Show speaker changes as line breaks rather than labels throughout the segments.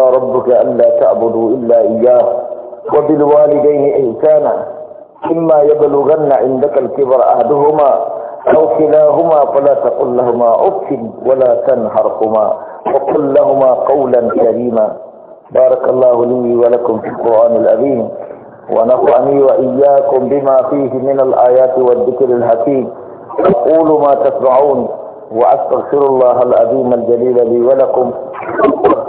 ربك ألا تعبدوا إلا إياه وبالوالدين إحسانا إما يبلغن عندك الكبر أحدهما أو كلاهما فلا تقل لهما أف ولا تنهرهما وقل لهما قولا كريما بارك الله لي ولكم في القرآن الأبين ونفعني وإياكم بما فيه من الآيات والذكر الحكيم أقول ما تسمعون وأستغفر الله العظيم الجليل لي ولكم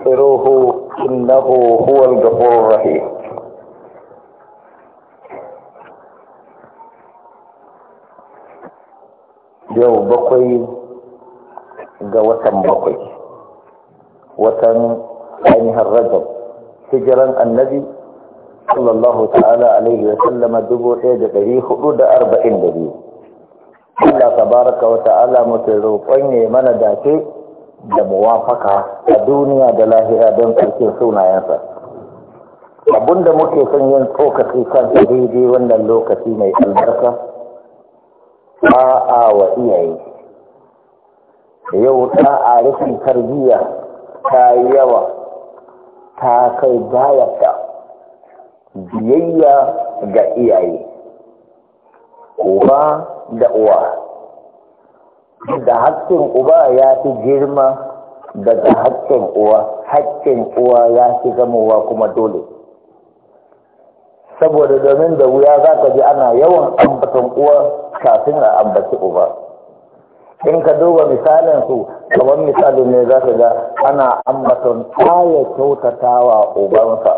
فاستغفروه انه هو الغفور الرحيم يو بقي غوثم بقي وثم عينها الرجل هجرا النبي صلى الله تعالى عليه وسلم دبو ايد غريخ ود اربعين دبي الله تبارك وتعالى متروفين من داكي da muwafaka a duniya da lahira don ƙarshen sunayensa abinda muke son yin tsokaci kan daidai wannan lokaci mai albarka ba'a wa iyaye yau ta a rufin tarbiyya ta yi yawa ta kai bayata biyayya ga iyaye uba da uwa da hakkin uba ya fi girma daga hakkin uwa haƙƙin uwa ya fi zamowa kuma dole saboda domin da wuya za ka ji ana yawan ambaton uwa kafin a ambaci uba in ka duba misalin su kamar misali ne za ka ga ana ambaton taya kyautatawa ubansa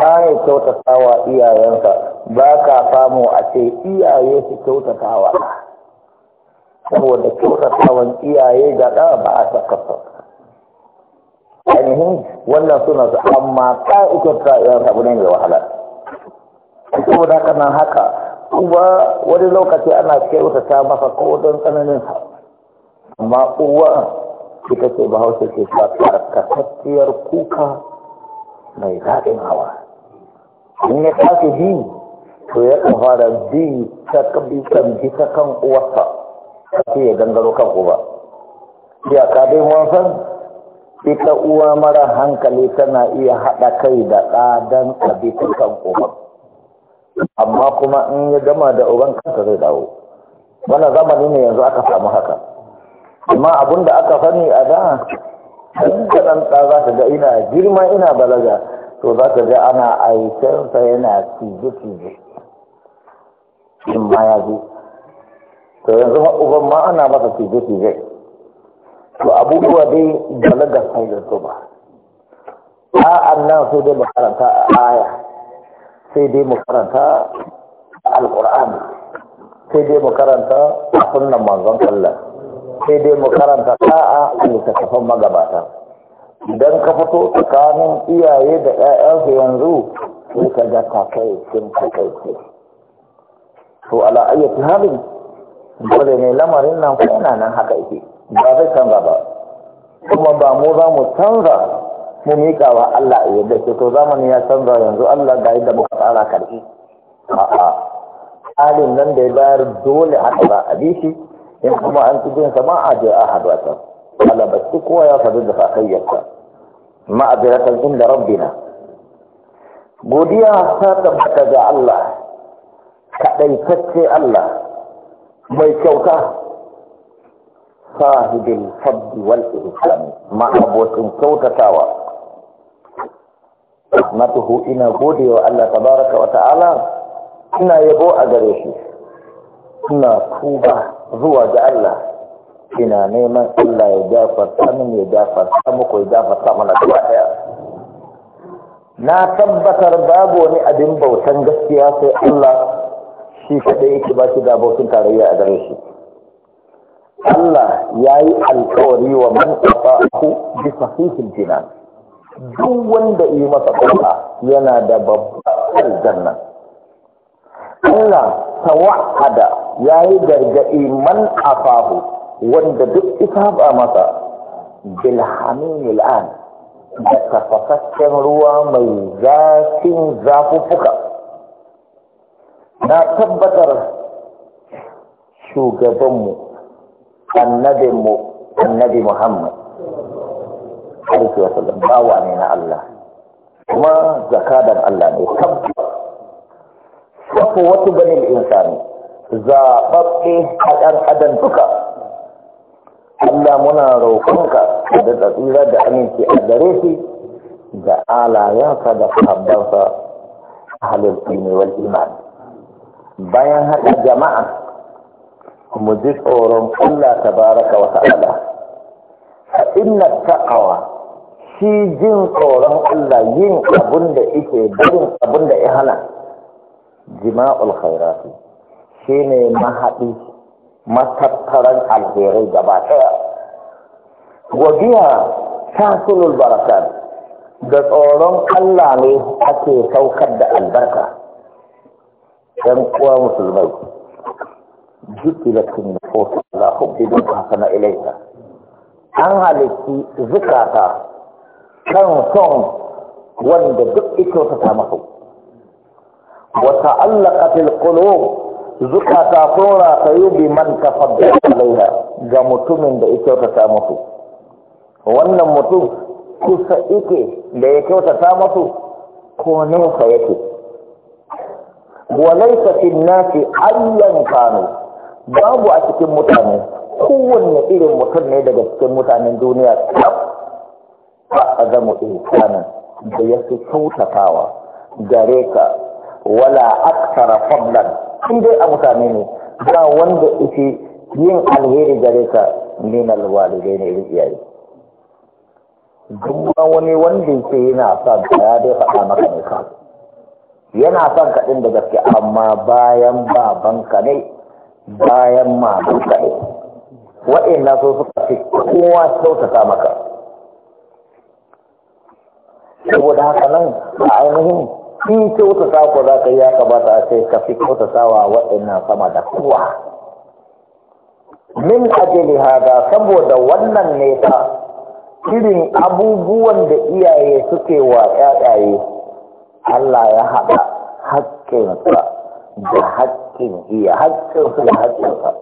taya kyautatawa iyayensa ba ka samu a ce iyaye su kyautatawa saboda tsoratawan iyaye ga ɗa ba a sakasa ainihin wannan suna su amma ta ita ta abu ne mai wahala saboda haka nan haka uba wani lokaci ana kyautata ta masa ko don tsananin sa amma uwa ita ce bahaushe ce ta karkatattiyar kuka mai daɗin hawa in ya tashi bi to ya fara bi ta kan bi ta kan uwarsa sai ya gangaro kan uba iyaka dai mun san ita uwa mara hankali tana iya haɗa kai da ɗadan abita kan uba amma kuma in ya gama da uban kanta zai dawo Wani zamani ne yanzu aka samu haka amma abin da aka sani a da ɗan ɗa za ta ga ina girma ina balaga to za ta ga ana aikensa yana cije-cije in ma ya zo to yanzu uban ma ana masa cije-cije to abubuwa dai balagar hanyar su ba a'an nan sai dai makaranta a aya sai dai mu karanta a alƙur'ani sai dai mu karanta a sunan manzon Allah sai dai mu karanta ta'a a littattafan magabata idan ka fito tsakanin iyaye da 'ya'yansu yanzu sai ka ga takaitin kai to ala ayyatu halin dole ne lamarin nan ko yana nan haka yake ba zai canza ba kuma ba mu za mu canza mu miƙa wa Allah a yadda ke to zamani ya canza yanzu Allah ga yadda muka tsara karfi a'a halin nan da ya bayar dole haka ba a bishi in kuma an ci jinsa ma a je a haɗu Allah ba su kowa ya faru da fakayyarsa ma'aziratan inda rabbina godiya ta tabbata ga Allah kaɗaitacce Allah mai kyauta sahibin faddi wal ihsan ma abokin kyautatawa Na tuhu ina gode wa Allah tabaraka wa ta'ala ina yabo a gare shi ina tuba zuwa ga Allah ina neman Allah ya gafarta min ya gafarta muku ya gafarta mana gaba daya na tabbatar babu wani abin bautan gaskiya sai Allah shi kaɗai yake ba shi gabokin tarayya a gare shi Allah ya yi alkawari wa man ku bi sahihin jina duk wanda yi masa ƙafa yana da babbar jannan Allah tawa'ada ya yi gargaɗi man afahu wanda duk isa ba masa bilhamin mil'an, da tafasasshen ruwa mai zafin zafuffuka na tabbatar shugabanmu annabinmu annabi muhammad alaihi wasallam bawa ne na Allah kuma zakadan Allah ne tabbas sako wata banin insani zaɓaɓɓe a ɗan adam duka Allah muna roƙonka da tsira da aminci a gare shi da alayansa da sahabbansa halin ne wal imani bayan haɗa jama'a mu ji tsoron Allah baraka wa ta'ala a inna taqwa shi jin tsoron Allah yin abun da yake barin abun da ihana. jima'ul khairati shine mahadi matattaran alherai gaba daya wa biya tasulul barakat da tsoron Allah ne ake saukar da albarka dan uwa musulmai jukilatin nufosu la hukidin hasana ilaita an halitti zukata kan son wanda duk ito ta samu sau wata allakatil kulo zukata sun yi bi man tafaddala alaiha ga mutumin da ta kyautata masu, wannan mutum kusa ike da ya ta musu ko nesa yake walaisa fi nasi ayyan kanu babu a cikin mutane kowanne irin mutum ne daga cikin mutanen duniya ba a zama ihsanin da ya fi kyautatawa gare ka wala aksara fadlan in dai a mutane ne ba wanda yake yin alheri gare ka min alwalidai ne irin iyaye duk wani wanda yake yana sa ya dai faɗa maka ne kawai yana son ka ɗin da gaske amma bayan ka ne bayan ka ne waɗanda so suka fi kowa kyautata maka saboda haka nan a ainihin in kyautata ko za ka yi ya kamata a ce ka fi kyautatawa waɗannan sama da kowa min ajali haga saboda wannan ne ta irin abubuwan da iyaye suke wa ƴaƴaye Allah ya haɗa haƙƙinsa da haƙƙin iya haƙƙinsa da haƙƙinsa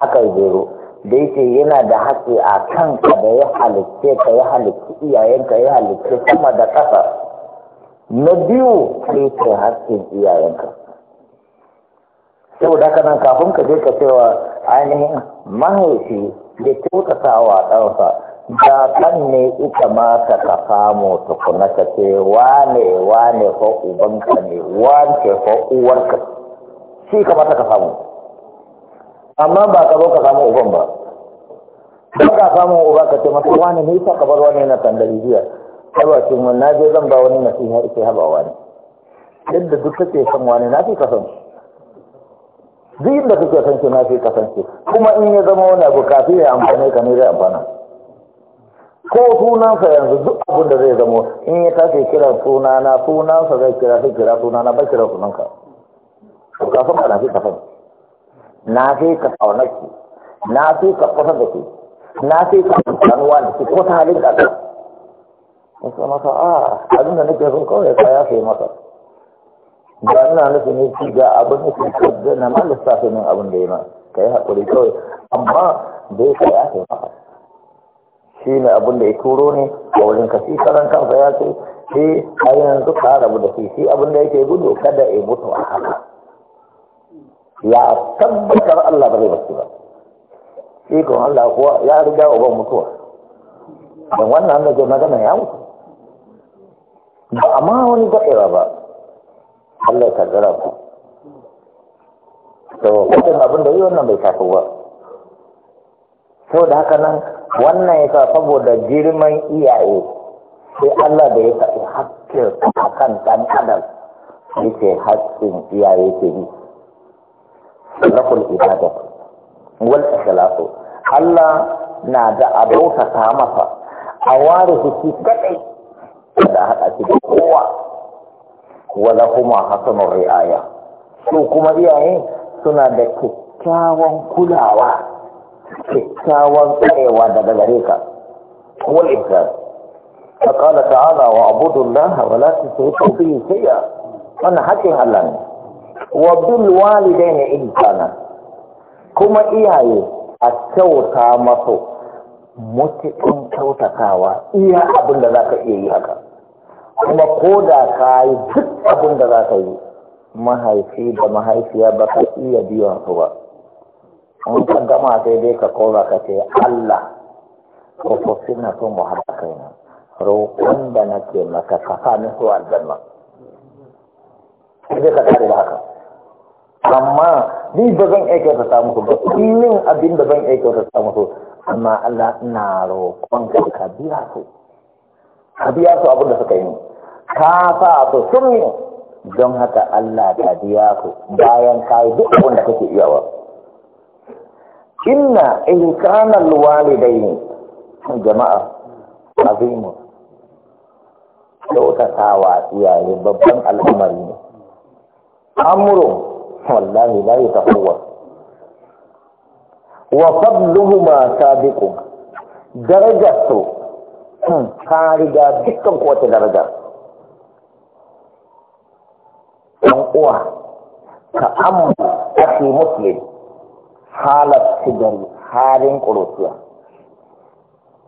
aka yi zero da yake yana da haƙƙi a kanka da ya halicce ka ya halicci iyayenka ya halicce sama da ƙasa na biyu sai ka haƙƙin iyayenka saboda haka nan kafin ka je ka cewa ainihin mahaifi da kyautata wa ɗansa da kan ne ita ma ka ka samu tukuna ka ce ne wane fa ubanka ne wance fa uwarka shi ta ka samu amma ba ka zo ka samu uban ba ba ka samu uba ka ce masa wa ne ita kabar ne na tandari jiya haba ce mun na je zan ba wani nasiha ita haba wani yadda duk kake son wani na fi ka san duk inda kake san shi na fi kasan san kuma in ya zama wani abu kafi ya amfane ka ne zai amfana ko sunansa yanzu duk abin da zai zamo in ya tafi kira sunana sunansa zai kira sai kira sunana ba kira sunanka ka kafin ka na fi kafin na fi ka kaunarki na fi ka kusa da ke na fi ka kanuwa da ke kusa halin da ka wasu masa a ah, abin da nake sun kawai ka ya fi masa ba ina nufin ne ci ga abin da ke na ma fi min abin da ya ma ka yi haƙuri kawai amma da ya ka ya fi masa shi ne abin da ya turo ne a wurin ka shi karan kansa ya ce shi a yanzu ka rabu da shi shi abin da yake gudu kada ya mutu a haka ya tabbatar Allah ba zai basu ba shi kan Allah kuwa ya riga uban mutuwa don wannan da ke magana ya mutu ba amma wani daɗewa ba Allah ya kaddara ba to wajen abin da yi wannan bai kafin ba sau da haka nan wannan yasa saboda girman iyaye sai Allah da ya faɗi haƙƙin a kan ɗan adam yake haƙƙin iyaye ke yi salakul ibada wal ikhlasu Allah na da abota ta masa a ware shi kadai da haɗa shi da kowa wala kuma hasanur ri'aya su kuma iyaye suna da kyakkyawan kulawa kyakkyawan tsarewa daga gare ka wal ifsad فقال تعالى واعبدوا الله ولا تشركوا sai ya. Wani hakin Allah ne wa bil walidaini ihsana kuma iyaye a kyauta masu mutukin kyautatawa iya abin da zaka iya yi haka kuma ko da ka yi duk abin da zaka yi mahaifi da mahaifiya ba ka iya biyan su ba in ka gama sai dai ka kora ka ce Allah ko ko suna so mu haɗa kai na roƙon da nake maka ka sa ni so aljanna sai ka tare da haka amma ni ba zan aike kyauta samu su ba kullum abin da zan aike kyauta samu su, amma Allah ina roƙon ka ka biya su ka biya su abin da suka yi ka sa su sun don haka Allah ta biya su bayan ka yi duk abin da kake iyawa. inna ihsanal walidaini jama'a azimu kyautatawa iyaye babban al'amari ne amru wallahi la yatahawwa wa fadluhuma sabiqun darajatu ta riga dukkan kowace daraja ɗan uwa ka amma ake muslim halar sigari halin ƙuruciya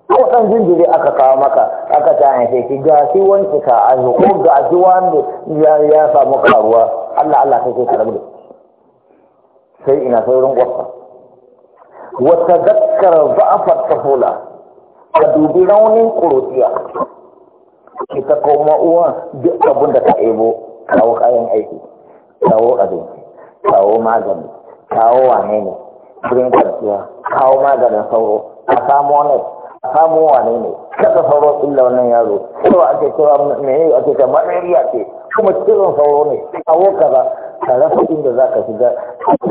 ko ɗan jinjiri aka kawo maka aka ta haife shi ga shi wanki ka aihu ko ga shi wanda ya samu karuwa Allah Allah sai sai karamu sai ina saurin gwasa wata zakkar za'afar tahula ka dubi raunin ƙuruciya ki ta koma uwa duk abin da ka ebo kawo kayan aiki kawo abinci kawo magani kawo wane ne wurin kwanciya kawo maganin sauro a samu wani a samu wane ne kasa sauro illa wannan yaro cewa ake cewa mene ake cewa malaria ce kuma cizon sauro ne kawo kaza ka rasa inda za ka shiga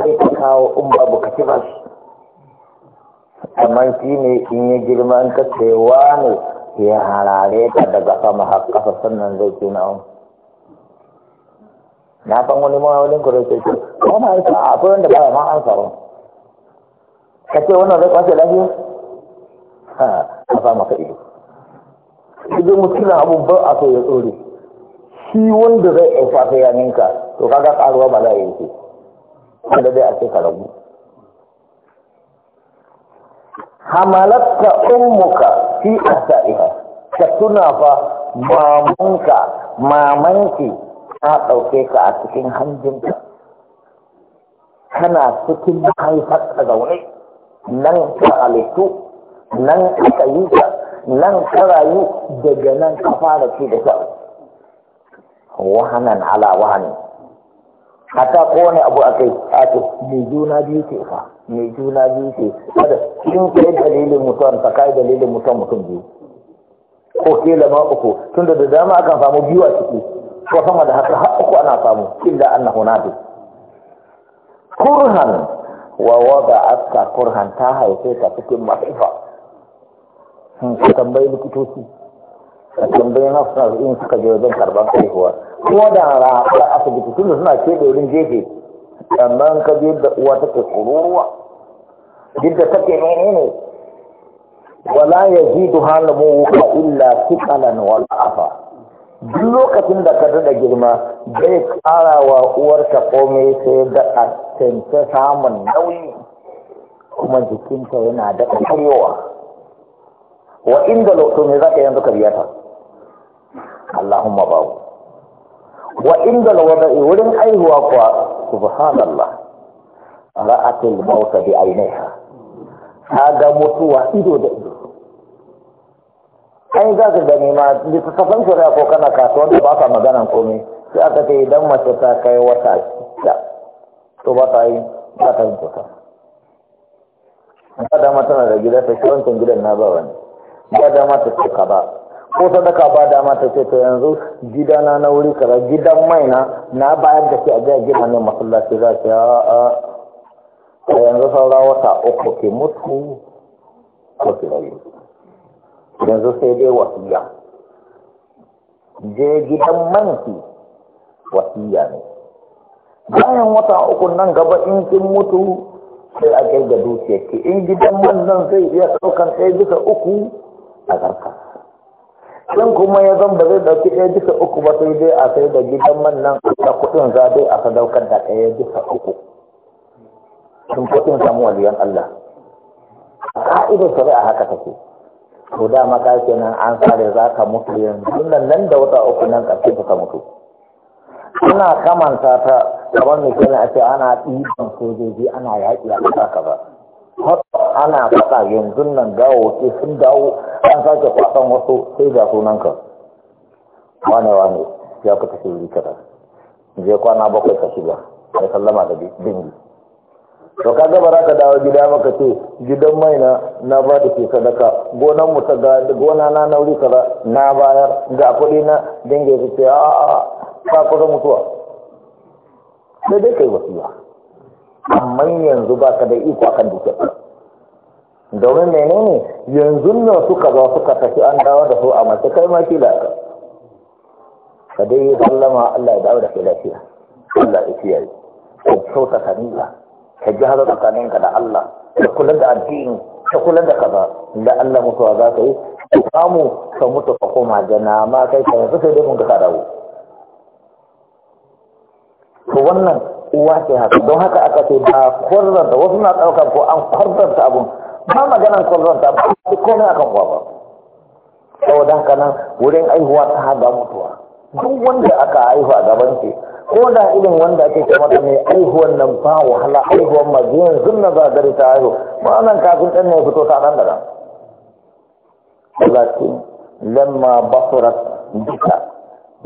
sai ka kawo in babu ka ci ba shi amma shi ne in yi girma in ka ce wane ya harare ka daga sama har kasa sannan zai ce na'am na san wani mawalin kudu sai ce kuma a akwai da ba ma an ka ce wannan zai kwace lafiya ha ka sa maka ido idan mutum abubuwan a so ya tsore shi wanda zai a ta ka, to kaga karuwa ba za a yi ce wanda dai a ce ka rabu hamalatka ummuka fi asaiha ka tuna fa mamanka mamanki ta ɗauke ka a cikin hanjinka kana cikin mahaifar ka zaune nan ka halittu nan ka yi ka nan ka rayu daga nan ka fara ci da ta. wahanan ala wahani hata kowane abu a kai a ce mai juna biyu ce fa mai juna biyu ce kada Kin kai dalilin mutum ta kai dalilin mutum mutum biyu ko ke lama uku tunda da dama akan samu biyu a ciki ko sama da haka har uku ana samu illa annahu nabi kurhan wa wada aska kurhan ta haife ta cikin masifa hmm, ka tambayi likitoci a tambayi hafsa in suka je wajen karban haihuwa kuma da rafa asibiti tun da suna keɓe wurin jefe. sannan ka je da uwa take kururuwa duk da take nene ne wala ya ji duhalamu illa sikalan wal afa duk lokacin da ka da girma zai ƙara wa uwarka komai sai da a canca samun nauyi kuma jikinta yana da karyowa wa inda lokacin za ka yanzu ka biya ta Allahumma babu wa inda lawada'i wurin aihuwa kuwa subhanallah ra'atul mauta bi ainiha ta ga mutuwa ido da ido ai za ka gani ma littattafan shari'a ko kana kasuwa da ba sa magana komai sai aka ce idan mace ta kai wata Ya. to ba ta yi ba ta yi kusa ba dama tana da gida ta shirin gidan na ba wani ba dama ta ce ka ba ko sadaka ba dama ta ce to yanzu gidana na wuri kaza gidan mai na na bayar da shi a jiya gina ne masallaci za ki a a yanzu saura wata uku ke mutu ko ki rayu yanzu sai dai wasiya je gidan manki wasiya ne bayan wata uku nan gaba in kin mutu sai a kai ga dukiyarki in gidan man nan zai iya ɗaukan ɗaya bisa uku a karkasa in kuma ya zan ba zai ɗauki ɗaya bisa uku ba sai dai a sai da gidan man nan kuɗin za dai a sadaukar da ɗaya bisa uku sun kuɗin samu waliyan Allah ka'idar shari'a haka take ko da maka kenan an sare za ka mutu yanzu nan nan da wata uku nan ƙarshen ka mutu ana kaman ta kamar kenan a ce ana ɗiban sojoji ana yaƙi a ƙasa kaza ana faɗa yanzu nan dawo ke sun dawo an sake kwasan wasu sai ga ka. wane wane ya fita shi yi je kwana bakwai ka shiga ya sallama da dingi to ka gaba za ka dawo gida maka ce gidan mai na na ba da ke sadaka gonan mu ta gona na wuri kaza na bayar ga kuɗi na dinga su ce a ba kusa mutuwa sai dai kai wasiya amma yanzu ba ka da iko akan dukiyar domin menene yanzu nan suka zo suka tafi an dawo da su a mace kai ma kila ka dai sallama Allah ya dawo da kai lafiya Allah ya kiyaye ko sauta kanila ka ji tsakanin tsakaninka da Allah ka kula da addini ka kula da kaza da Allah mutuwa za ka yi ka samu ka mutu ka koma jana ma kai ka yanzu sai dai mun ka dawo to wannan uwa ce haka don haka aka ce ba kwarzanta wasu na ɗaukar ko an kwarzanta abun ba maganan kwarzanta ba su komai akan uwa ba saboda haka nan wurin aihuwa ta haɗa mutuwa duk wanda aka haihu a gaban shi ko da irin wanda ake kama mata mai aihuwan nan ba wahala aihuwan mazi yanzu na za gari ta aihu ba nan kafin ɗan ne fito ta nan da nan lamma basurat duka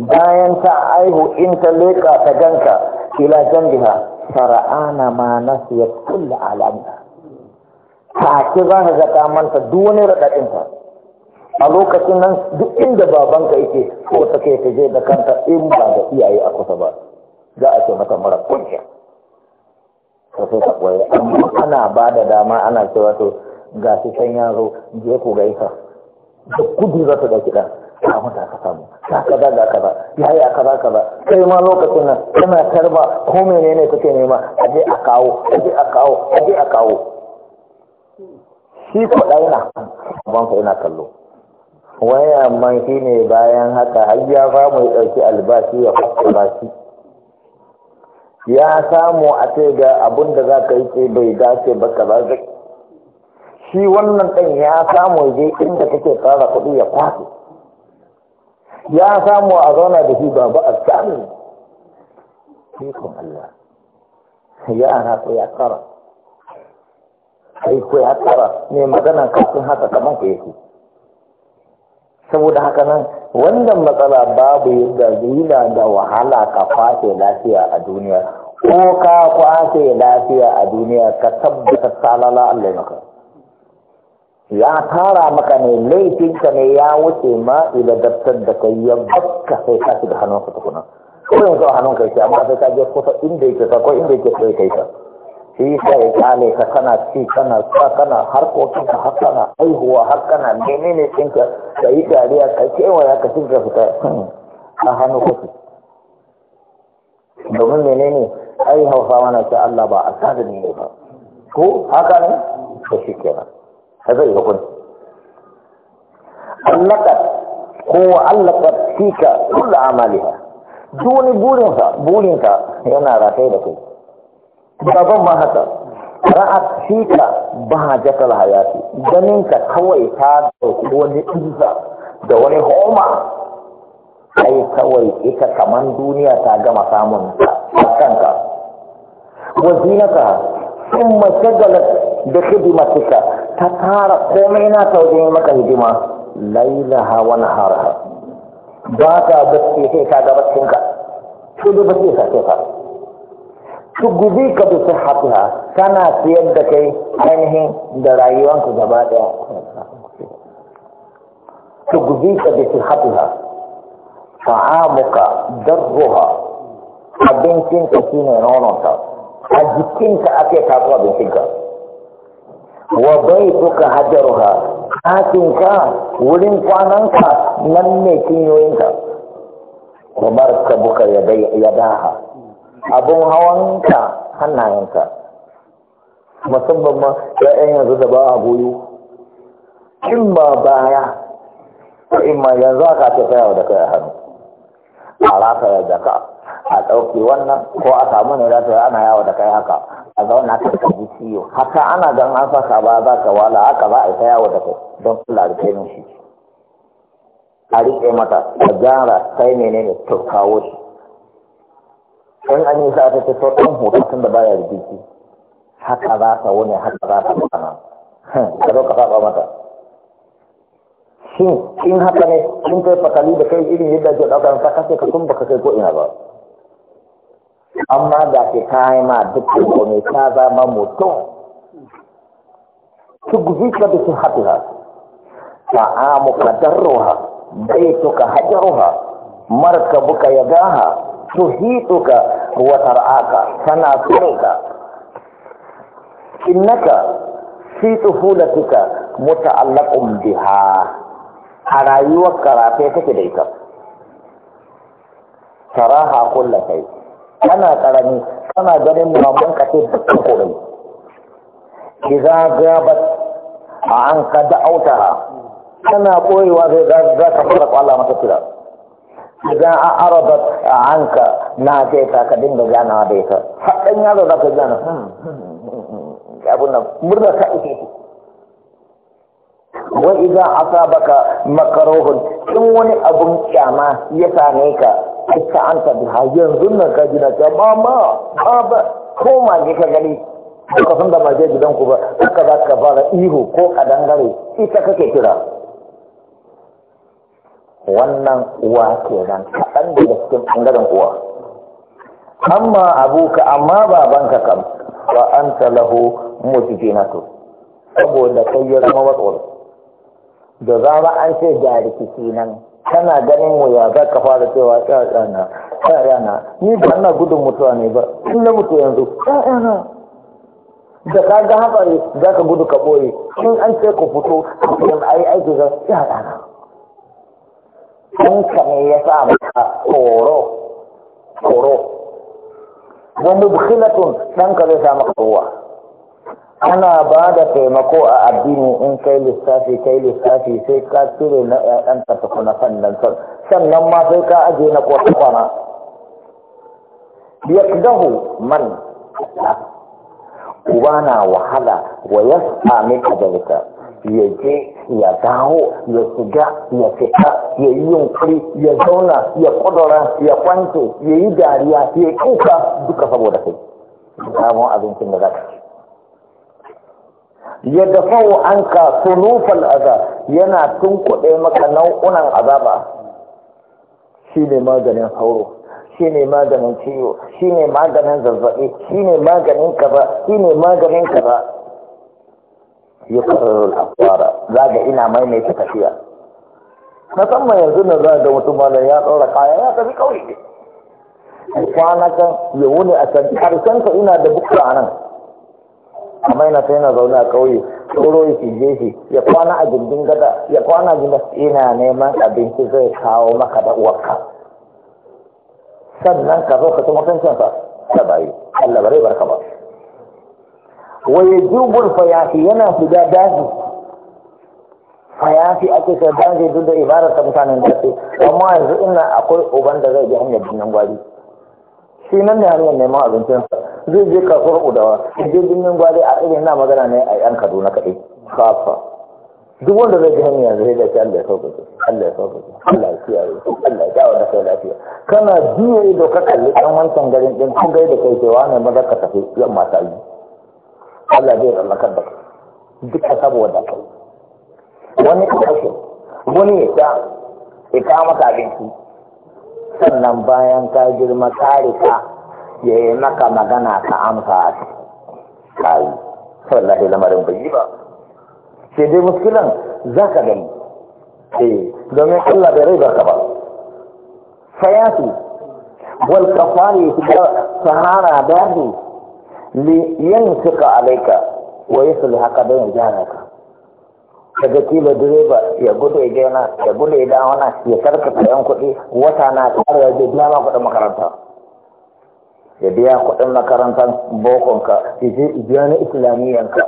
bayan ta aihu in ta leƙa ta ganka ila jandiha fara'ana ma nasiyat kulla alamda ta ke za ka ga ta manta duk raɗaɗinta a lokacin nan duk inda babanka yake ko ta kai ta je da kanta in ba da iyaye a kusa ba za a ce mata mara kunya ta sai ta koya amma ana ba da dama ana cewa wato ga shi can yaro je ku gaisa da kudi za ta daki ɗan a mata ka samu ta kaza ga ba ya yi ba ka ba kai ma lokacin nan tana tarba ko menene kake nema a je a kawo a je a kawo a je a kawo shi kuɗa yana ka yana kallo wani man shi ne bayan haka har ya famu ya ɗauki albashi ya fassara shi ya samu a ce ga abin da za ka yi ce bai dace ba ka ba shi wannan ɗan ya samu je inda kake tsara kuɗi ya kwafi ya samu a zauna da shi babu a samu Allah ko ya tsara sai ko ya tsara ne magana kafin haka kamar ku yake saboda haka nan wannan matsala babu yadda zina da wahala ka kwashe lafiya a duniya ko ka kwashe lafiya a duniya ka tabbata salala Allah maka ya tara maka ne laifinka ne ya wuce ma ila daftar da kai ya bakka sai ka da hannunka tukuna ko yanzu a hannunka yake amma sai ka je kusa inda yake sa, ko inda yake sai kai ka shi sa ya kyale ka kana ci kana sa kana harkokin ka har kana haihuwa har kana menene ɗinka ka yi dariya ka kewaya ka cin fita hmm, a hannu kusa domin menene ai hausawa na ce Allah ba a sada ne ba ko haka ne ka shi kenan ka zai hukunci allakat ko allakat fika kula amaliya duk wani burinka burinka yana rataye da kai baban ma haka ba fika bahajatal hayati ganin ka kawai ta dauki wani izza da wani homa ai kawai ita kaman duniya ta gama samun ta kanka wa sun thumma shagalat da suka ta tara komai na ta wajen maka hidima Laila hawa na naharaha ba ka bacci sai ka ga baccinka sai dai sai ka tugubi ka bi sihatiha kana siyar da kai ainihin da rayuwanka gaba daya tugubi ka bi sihatiha ta'amuka darruha ka shi ne nononta a jikinka ake abincin ka wa bai baituka hajaruha ka wurin ka nan ne cinyoyinka ka buka ya daha abun hawanka hannayenka musamman ma ya yan yanzu da ba a goyo in ba baya in ma yanzu aka ce tsayawa da kai hannu a rata da ka a ɗauki wannan ko a samu ne yi ana yawa da kai haka a zauna ta kaji ciwo haka ana gan an saka ba za ka wala haka za a yi ta da kai don kula da kai shi a riƙe mata a gyara kai menene ta kawo shi kan an yi sa a ce to ɗan hoto tun da baya rikici haka za ta wani haka za ta kwana hmm, ka zo ka saba mata shin in haka ne kin kai fatali da kai irin yadda ke ɗaukar sa kashe ka tun baka kai ko ina ba amma da ke kayan ma dukkan komai ta zama mutum تجزيك بصحتها طعامك درها بيتك هجرها مركبك يداها tuhituka wa tar'aka tana tsoronka innaka fi tuhulatika muta'allaqun biha a rayuwar karafe take da ita taraha kullu kai kana karami kana ganin maman ka ce dukkan komai idza gabat an ka da'autaha kana koyewa zai za ka fara kwala mata kira idan an araba a hanka na ce ka ka dinga ganawa da ita haɗin yaro za ka gana hmm, hmm, hmm, abin da murna ta ike wa idan asabaka makarohun in wani abun kyama ya same ka ita an ta biha yanzu nan ka gina ta mama ba ko ma ne ka gani ka san da ma je gidanku ba ka za ka fara ihu ko kadangare ita kake kira wannan uwa ke nan kaɗan da cikin ɓangaren uwa amma abuka amma babanka kam ba an lahu na to saboda kai ya zama matsoro da zama an ce ga rikici nan kana ganin mu ya za ka fara cewa ƴaƴana na. ni ba na gudun mutuwa ne ba in na mutu yanzu ƴaƴana da ka ga haɓari za ka gudu ka ɓoye in an ce ku fito a cikin ayi aiki ga na. ɗanka ne ya sa maka tsoro tsoro wani bukilatun ɗanka zai sa maka ruwa ana ba da taimako a addini in kai lissafi kai lissafi sai ka cire a ɗan ka tukuna sannan sannan ma sai ka ajiye na kwata kwana yakdahu man uba na wahala wa yasa min ajalika ya je ya dawo ya shiga ya fita ya yi yunkuri ya zauna ya kudura ya kwance ya yi dariya ya kuka duka saboda kai samun abincin da za ka ci ya wa an ka sunufal aza yana tun kuɗe maka nau'unan azaba shi ne maganin sauro shi ne maganin ciwo shi ne maganin zazzaɓi shi ne maganin kaza shi ne maganin kaza yusarrul za zaga ina mai maimaita tafiya musamman yanzu na za da mutum malam ya tsora kaya ya tafi kauye ne kan ya wuni a can karshen ka ina da bukka a nan amma na ta yana zaune a kauye tsoro ya shige shi ya kwana a gindin gada ya kwana gindin ina neman abinci zai kawo maka da uwarka sannan ka zo ka ci mutuncinsa da bayi Allah bare barka ba wa yajubul fayafi yana shiga daji fayafi ake sai daji duk da ibara ta mutanen da ke? amma yanzu ina akwai uban da zai ji hanyar binnan gwari shi nan da hanyar neman abincin zai je kasuwar udawa je binnan gwari a irin na magana ne a yan kaduna kaɗai kafa duk wanda zai ji hanyar zai da ce Allah ya sauka sauƙaƙe Allah ya sauka sauƙaƙe Allah ya kiyaye Allah ya dawo da kai lafiya kana jiya ido ka kalli ɗan wancan garin ɗin kun gaida kai cewa ne maza ka tafi yamma ta yi Allah zai tsallakar da kai duka saboda kai wani kashe wani ya sha ya kawo maka abinci sannan bayan ka girma ka ya yi maka magana ka amsa a kai wallahi lamarin bai yi ba sai dai muskilan za ka gani eh domin Allah bai rai baka ba fayasi wal kafari ta sahara dadi liyan suka alaika wa yi su haka don ya gyara ka daga kila direba ya gudu ya gina ya gudu ya dawana ya sarka yan kuɗi wata na tsara ya biya ma kuɗin makaranta ya biya kuɗin makarantar bokonka ya je biya na islamiyyanka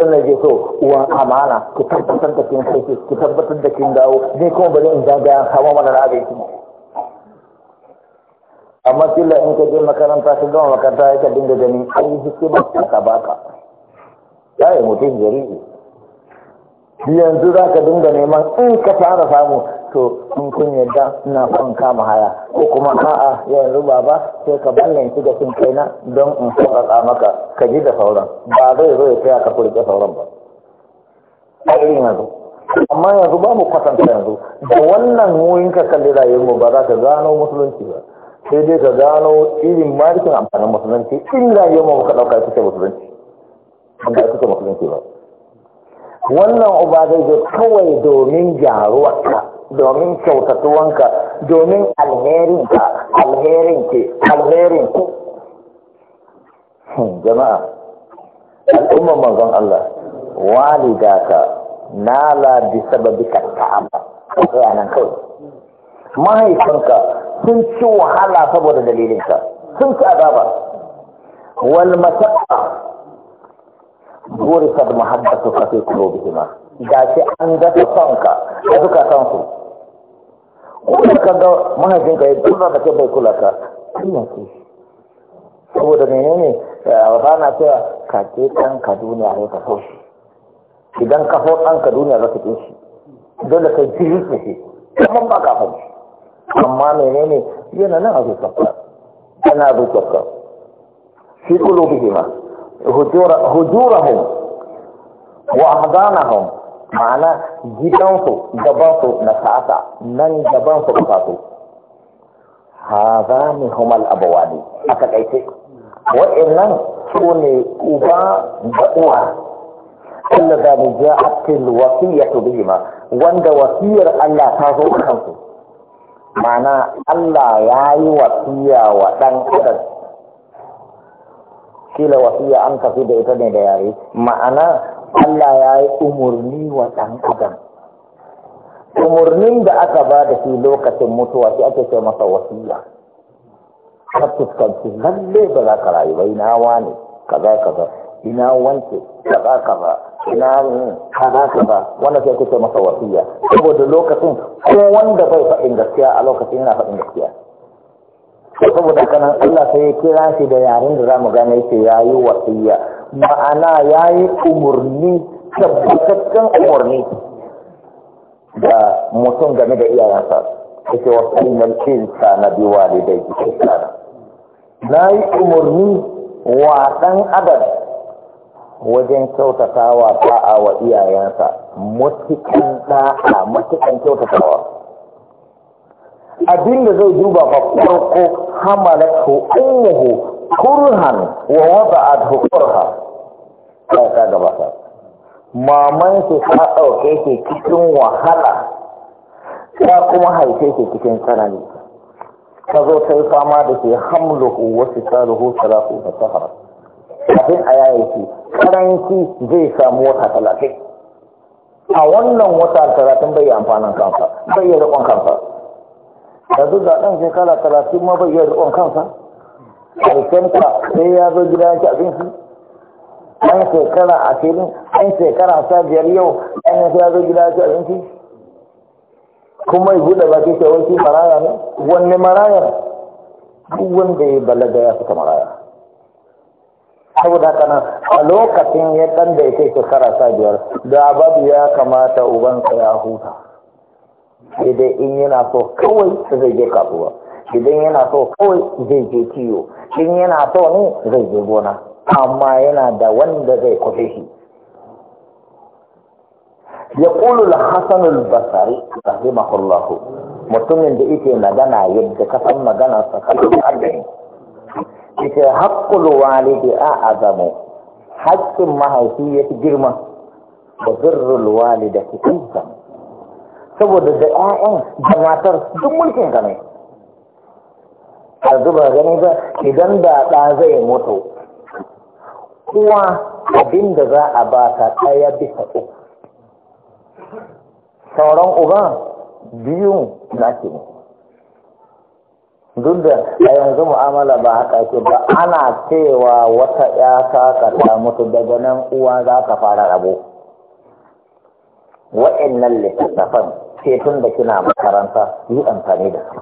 sannan je so uwan amana ki tabbatar da kin kai ki tabbatar da kin dawo ne kuma bari in zagaya kama mana na abinci amma kila in ka je makaranta ka gama makaranta ya ka dinga ganin an yi hikimar ka baka ya yi mutum shi yanzu za ka dinga neman in ka fara samu to in kun yadda ina son kama haya ko kuma a'a yanzu baba sai ka ballanci da kin kaina don in sauƙaƙa maka ka ji da sauran ba zai zo ya kai ka furke sauran ba a irin yanzu amma yanzu ba mu kwatanta yanzu da wannan mu in ka kalli rayuwar mu ba za ka gano musulunci ba sai dai ka gano irin malikin amfanin musulunci in rayuwar ma baka ɗauka kuke musulunci ba ka musulunci ba wannan uba zai zo kawai domin gyaruwarka domin kyautatuwanka domin alherinka alherinki alherinku hmm, jama'a al'ummar manzon Allah walidaka nala bi sababika ta'aba kai anan kawai mahaifanka sun ci wahala saboda dalilinka sun ci azaba wal mata'a gurisar mahabbatu ka fi kulubihima ga shi an ga sonka a san su ko ka ga mahaifinka ya kula da kai bai kula ka kuma ce saboda menene ba na cewa ka ce ɗan ka duniya ne ka so shi idan ka so ɗan ka duniya za ka ƙin shi dole ka jiri shi kuma ba ka fahimci amma menene yana nan a zuciyarka yana a zuciyarka fi qulubihima hujura hujurahum wa ahdanahum ma'ana gidansu gabansu na sasa nan gabansu kafafu hazani humal abawani aka kaice wa'annan su ne uba da uwa allazani ja'atil wasiyatu bihima wanda wasiyar Allah ta zo kansu mana Allah ya yi wasiya wa ɗan adam kila wasiya an tafi da ita ne da yare ma'ana Allah ya yi umarni wa ɗan adam umarnin da aka ba da shi lokacin mutuwa shi ake ce masa wasiya ka fuskanci lalle ba za ka rayu bai nawa ne kaza kaza ina wanke kaza kaza ina kaza kaza wanda sai kuke masa wasiya saboda lokacin ko wanda bai faɗin gaskiya a lokacin yana faɗin gaskiya saboda kanan Allah sai ya kira shi da yaren da zamu gane yake yayi wasiya ma'ana yayi umurni tabbataccen umurni da mutum game da iyayensa yake wasiyar insana bi walidai ihsana na yi umarni wa ɗan adam wajen kyautatawa ta'a wa iyayensa matukan da'a matukan kyautatawa abin da zai duba ba farko hamalatu ummuhu kurhan wa wada'athu kurha ta ka gaba ta maman shi ta dauke shi cikin wahala ta kuma haife shi cikin tsanani ta zo ta yi fama da shi hamluhu wa fisaluhu salatu ta sahara kafin a yaye shi karanci zai samu wata talatin a wannan wata talatin bai yi amfanin kansa bai yi riƙon kansa yanzu da ɗan shekara talatin ma bai yi riƙon kansa ƙarshenta sai ya zo gida yake abinci ɗan shekara ashirin ɗan shekara sa biyar yau ɗan ya zo gida yake abinci kuma ya buɗe baki shawarci maraya ne wanne marayar duk wanda ya balaga ya fita maraya saboda kana a lokacin ya ɗan da ita shekara sa biyar da babu ya kamata ubansa ya huta idan in yana so kawai zai je kasuwa idan yana so kawai zai je kiyo in yana so ne zai je gona amma yana da wanda zai kwafe shi ya ƙulu la hasanul basari rahimahullahu mutumin da yake magana yadda kasan maganarsa kan arziki ita haƙƙul walidi a azamu haƙƙin mahaifi ya fi girma da zirrul walida fi kansa saboda da ƴaƴan da matar duk mulkin ka ne a zuba gani ba idan da ɗa zai mutu kuwa abin da za a ba ta ɗaya bisa uku sauran uba biyu na ke mutu duk da a yanzu mu'amala ba haka ake ba ana cewa wata ya saka ta mutu daga nan uwa za ta fara rabo wa'annan littattafan ke tun da kina makaranta yi amfani da su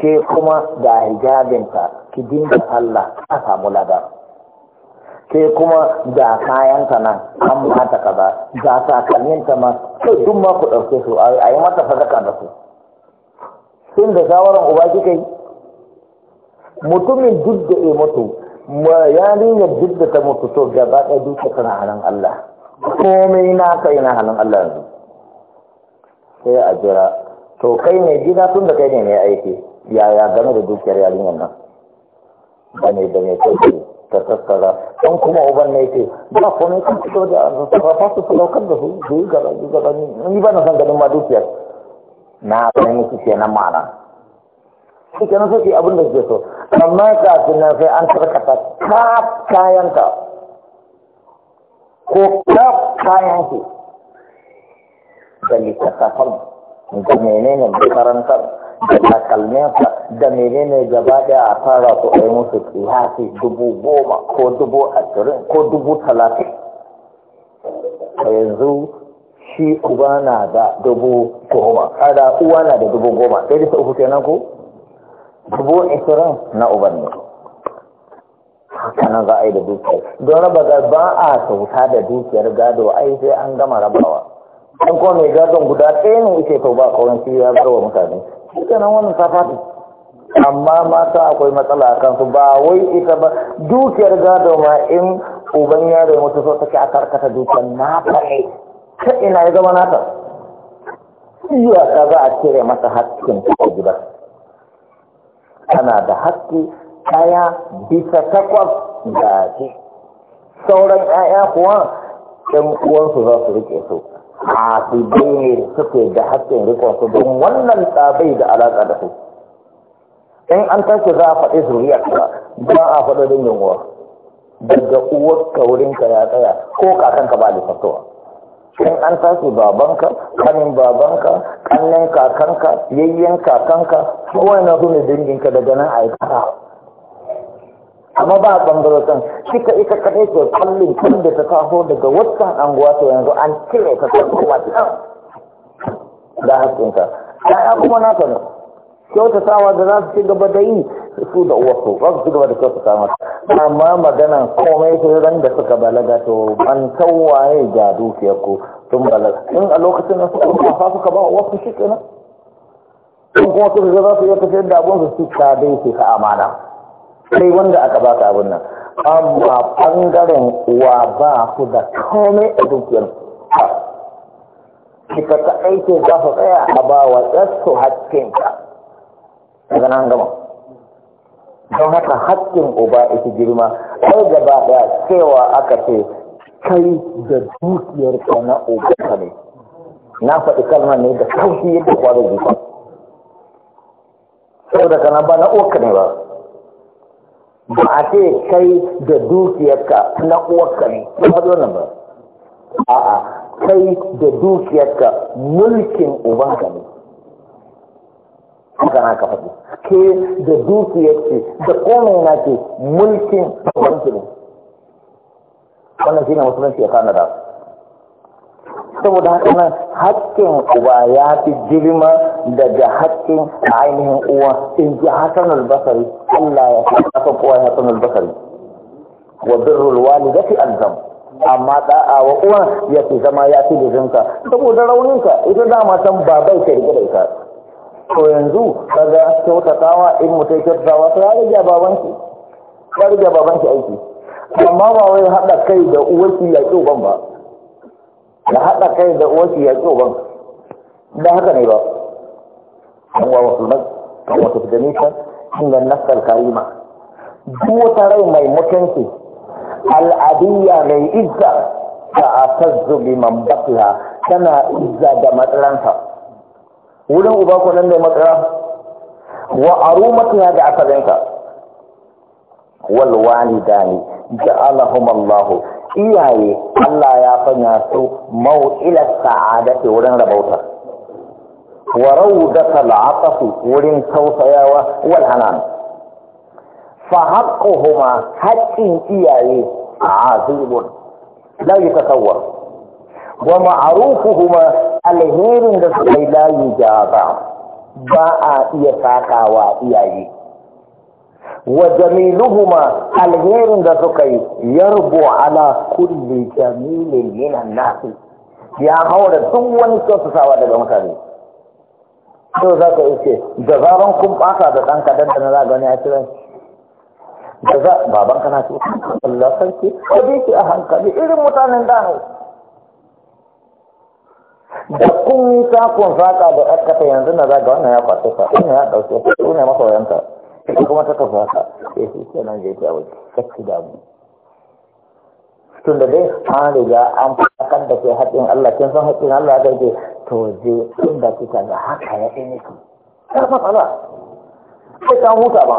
ke kuma ga hijabinta ki dinga Allah a samu ladar ke kuma ga kayanta nan an mata kaza ga takalminta ma duk ma ku ɗauke su a yi mata sadaka da su shin da shawaran uba kika yi mutumin duk da ya mutu ma ya yarinyar duk da ta mutu to gaba ɗaya duka tana hannun Allah komai na kai na halin Allah yanzu sai a jira to kai ne gida tun da kai ne mai aiki yaya game da dukiyar yarinyar nan ba ne da mai kai ta tattara don kuma uban ne ce ba komai kan fito da sarrafa su su laukar da su su yi gaba ni ba na san ganin ma dukiyar na san shi kenan ma'ana shi nan suke abin da suke so amma kafin nan sai an tarkata kaf kayanka ko kaf kayan ki? da littattafan da menene makarantar da takalminsa da menene gaba daya a fara su a yi musu kiyasi dubu goma ko dubu ashirin ko dubu talatin yanzu shi uba na da dubu goma kada uwa na da dubu goma sai da uku kenan ko dubu ishirin na uban ne kanan za a yi da dukiyar don raba ga ba a sauta da dukiyar gado ai sai an gama rabawa an kuma mai gadon guda ɗaya ne yake to ba shi ya zarwa mutane shi kenan wannan ta fata amma mata akwai matsala a kansu ba wai ita ba dukiyar gado ma in uban yaro ya mutu so take a karkata dukiyar na fare ta ina ya zama nata iyaka za a cire masa haƙƙin ta gida tana da haƙƙi ɗaya bisa takwas da shi sauran 'ya'ya kuwa ɗan uwansu za su riƙe su a su ne suke da haƙƙin rikon su don wannan tsabai da alaƙa da su in an tashi za a faɗi zuriyar ka ba a faɗi dangin uwa daga uwarka wurinka ya tsaya ko kakanka ba da kan an tasu babanka kanin babanka kannin kakanka yayyen kakanka kawai na su ne danginka daga nan a yi amma ba a kan shi ka ita kaɗai ke kallin kan da ta taho daga wata anguwa yanzu an cire ta ta kowa da haƙƙinka ya kuma na ne kyautatawa da za su ci gaba da yi su da uwarsu za su ci gaba da kyautata mata amma magana komai sai ran da suka balaga to an tawaye ga dukiyar ku sun balaga in a lokacin da suka kafa suka ba uwarsu shi kenan in kuma su ga za su iya tafiyar da abin su ta dai su ka amana sai wanda aka ka abin nan amma bangaren wa ba su da komai a dukiyar ita ta aiki za su tsaya a ba wa yassu hakkinka daga nan gama don haka haƙƙin uba ita girma ai gaba ɗaya cewa aka ce kai da dukiyar ka na uba ka ne na faɗi kalmar ne da kaushi yadda kwazo jifa da kana ba na uwarka ne ba ba a ce kai da dukiyarka na uwarka ne ba zo nan ba a'a kai da dukiyarka mulkin ka ne magana ka faɗi ke da dukiyar da komai na ce mulkin banki ne wannan ne musulunci ya kana da saboda haka nan haƙƙin uba ya fi girma daga haƙƙin ainihin uwa in ji hasan albasari Allah ya san kowa ya hasan albasari wa birrul walidati alzam amma da'a wa uwa ya fi zama ya fi da saboda rauninka ita dama san babai ka rike da ita to yanzu wata kyautatawa in mutum kyautatawa ta ya rage babanki ya rage babanki aiki amma ba wai haɗa kai da uwarki ya ƙi ban ba da haɗa kai da uwarki ya ƙi ban da haka ne ba an wa musulman an wasu fitanisa inda nasar karima duk wata rai mai mutunci al'adiyya mai izza ta a tazzubi man tana izza da matsalansa wurin uba ko nan ne matsara wa arumatiha da asalinka wal walidani ja'alahum Allah iyaye Allah ya sanya su mau'ila sa'adati wurin rabauta wa rawdatal atafi wurin tausayawa wal hanan fa haqquhuma haqqin iyaye azibun la yatasawwar wa ma'arufuhuma alherin da su yi layi jaba ba a iya sakawa iyaye wa jamiluhuma alherin da suka yi yarbu ala kulli jamilin minan nasi ya haura duk wani kyautatawa daga mutane to za ka ce da zaran kun baka da ɗan kadan da na zaga a cikin da za baban na ce Allah sarki ko dai a hankali irin mutanen da ne da kun ka kun saka da aka yanzu na zaga wannan ya kwace ka ina ya dauke su ne masa wayanta ita kuma ta tafi haka ya eh, shi ke nan je ta wuce kacci da mu tunda dai an riga an fakan da ke haƙin Allah kin san haƙin Allah ya kai to je tunda kika ga haka ya ɗin yake fa matsala sai ka huta ba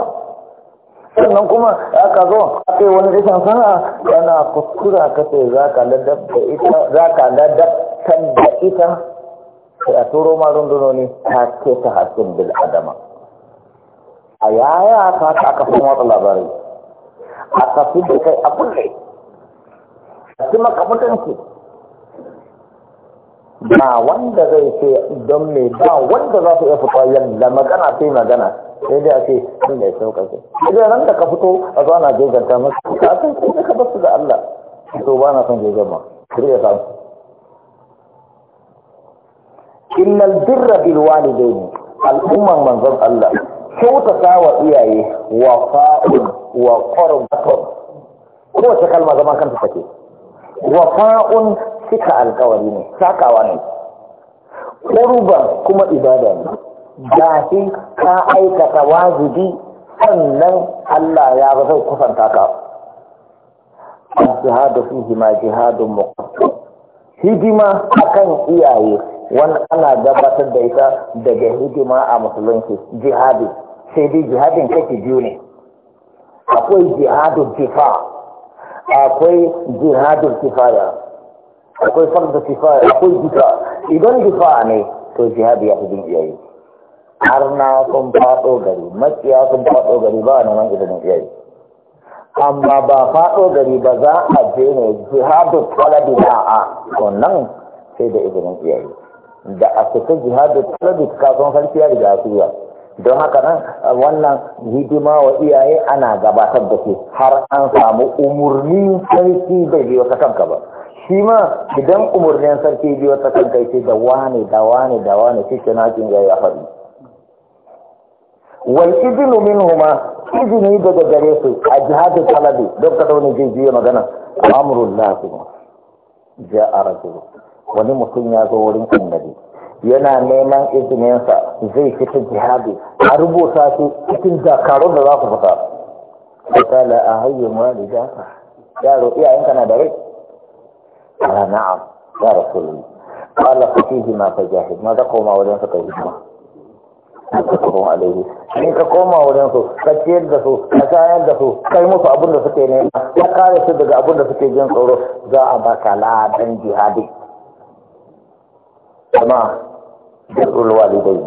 sannan kuma aka zo a kai wani rashin sana'a yana kuskura ka ce za ka ladabta ita za ka da ita sai a turo ma ne ta ce ta hasin bil adama a yaya ta ta aka fi wata labarai a fi da kai a kulle a ci maka mutunci ba wanda zai ce don me ba wanda za su iya fita yadda magana sai magana sai dai a ce sun da ya sauka ce idan ran da ka fito a zo ana joganta masa ka san sai ka basu da Allah to ba na son Jirgin ma kiriya san innal birra bil walidaini al'umman manzon Allah kyautata wa iyaye wa fa'in wa qurbatun kowace kalma zaman kanta take wa fa'un cika alkawari ne sakawa ne qurban kuma ibada ne da shi ka aikata wajibi sannan Allah ya ba zai kusanta ka jihadu fi hima jihadu muqaddas hidima akan iyaye wani ana gabatar da ita daga hidima a musulunci jihadi sai dai jihadin kake biyu ne akwai jihadun tifa akwai jihadu kifaya akwai farda kifaya akwai jifa idan jifa ne to jihadi ya fi bin iyaye har na sun faɗo gari makiya sun faɗo gari ba neman izinin iyayi amma ba faɗo gari ba za a je ne jihadu talabi da'a a wannan sai da izinin iyayi da a fita jihadu talabi kasuwan sarki ya riga suya don haka nan wannan hidima wa iyaye ana gabatar da shi har an samu umurnin sarki bai biyo ta kanka ba shi ma idan umurnin sarki biyo ta kanka ce da wane da wane da wane shi ke na ya faɗi wal idinu minhuma izini daga gare su a jihadin talabi don ka dauni zai biya magana amrun lafi ja a rajulu wani mutum ya zo wurin annabi yana neman izininsa zai fita jihadi a rubuta shi cikin dakarun da za ku fita misali a hayyar walida yaro iyayenka na da rai ala na'am ya rasulullah qala fatihi ma fajahid ma da koma wajen suka hikma kusurun alaihi in ka koma wurin su ka ciyar da su ka shayar da su kai musu abin da suke nema ka kare su daga abin da suke jin tsoro za a baka ladan jihadi kuma jirgin walidai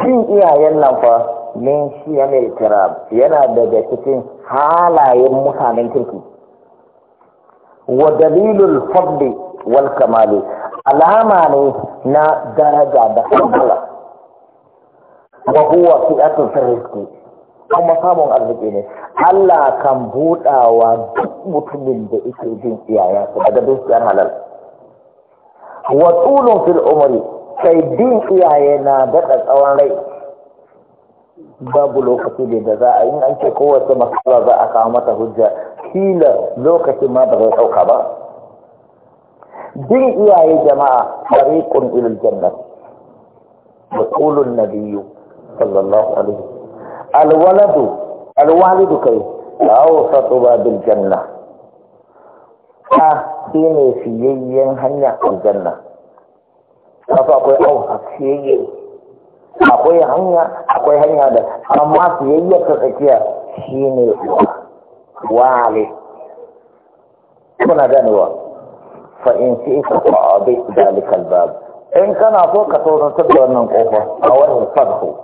jin iyayen nan fa min shiyamil kiram yana daga cikin halayen mutanen kirki wa dalilul fadli wal kamali alama ne na daraja da kamala wa huwa fi'atun rizqi kuma samun arziki ne Allah kan buɗawa duk mutumin da yake jin su, daga dukiyar halal wa tulun fil umri kai bin iyaye na daɗa tsawon rai babu lokaci ne da za a yi an ce kowace matsala za a kawo mata hujja kila lokaci ma ba zai ɗauka ba bin iyaye jama'a tariqun ilal jannah wa an-nabiyyu sallallahu alaihi alwaladu alwalidu kai ba bil janna ta shine fiyayyen hanya aljanna kafa akwai au fiyayye akwai hanya akwai hanya da amma fiyayye ta tsakiya shine wali. kuna ganewa fa in ka fa'abi dalikal bab in kana so ka tsoratar da wannan kofa a wannan fadhu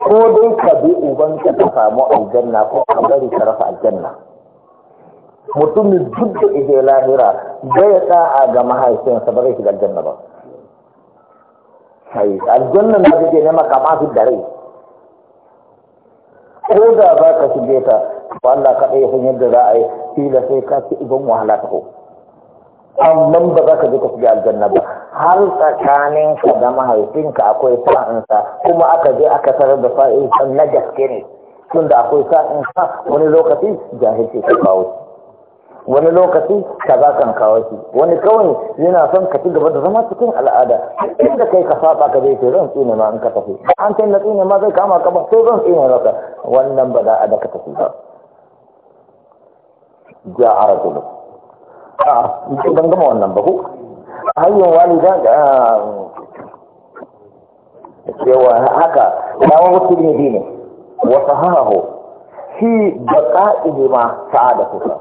ko dai ka bi uban ka samu aljanna ko ka bari ka rasa aljanna mutumin duk da ije lahira bai a ga sa, ba zai shiga aljanna ba sai aljanna na zai ne kama su da rai ko da za ka shige ta ba Allah ka dai san yadda za a yi fila sai ka ci uban wahala ta ko amma ba za ka je ka shiga aljanna ba har ka da mahaifinka akwai sa'insa kuma aka je aka tarar da sa'insa na gaske ne tun da akwai sa'insa wani lokaci jahilci ka kawo wani lokaci ka za kan kawo shi wani kawai yana son ka ci gaba da zama cikin al'ada inda kai ka saba ka zai ce zan tsine ma in ka tafi an ce na tsine ma zai kama ka ba sai zan tsine maka wannan ba za a da ka tafi ba ja a rajulu a ban gama wannan ba ko hanyar walida da cewa ah, haka dawon wasu ne ne wasu haho shi da ƙa'ihi ma sa'ada kusa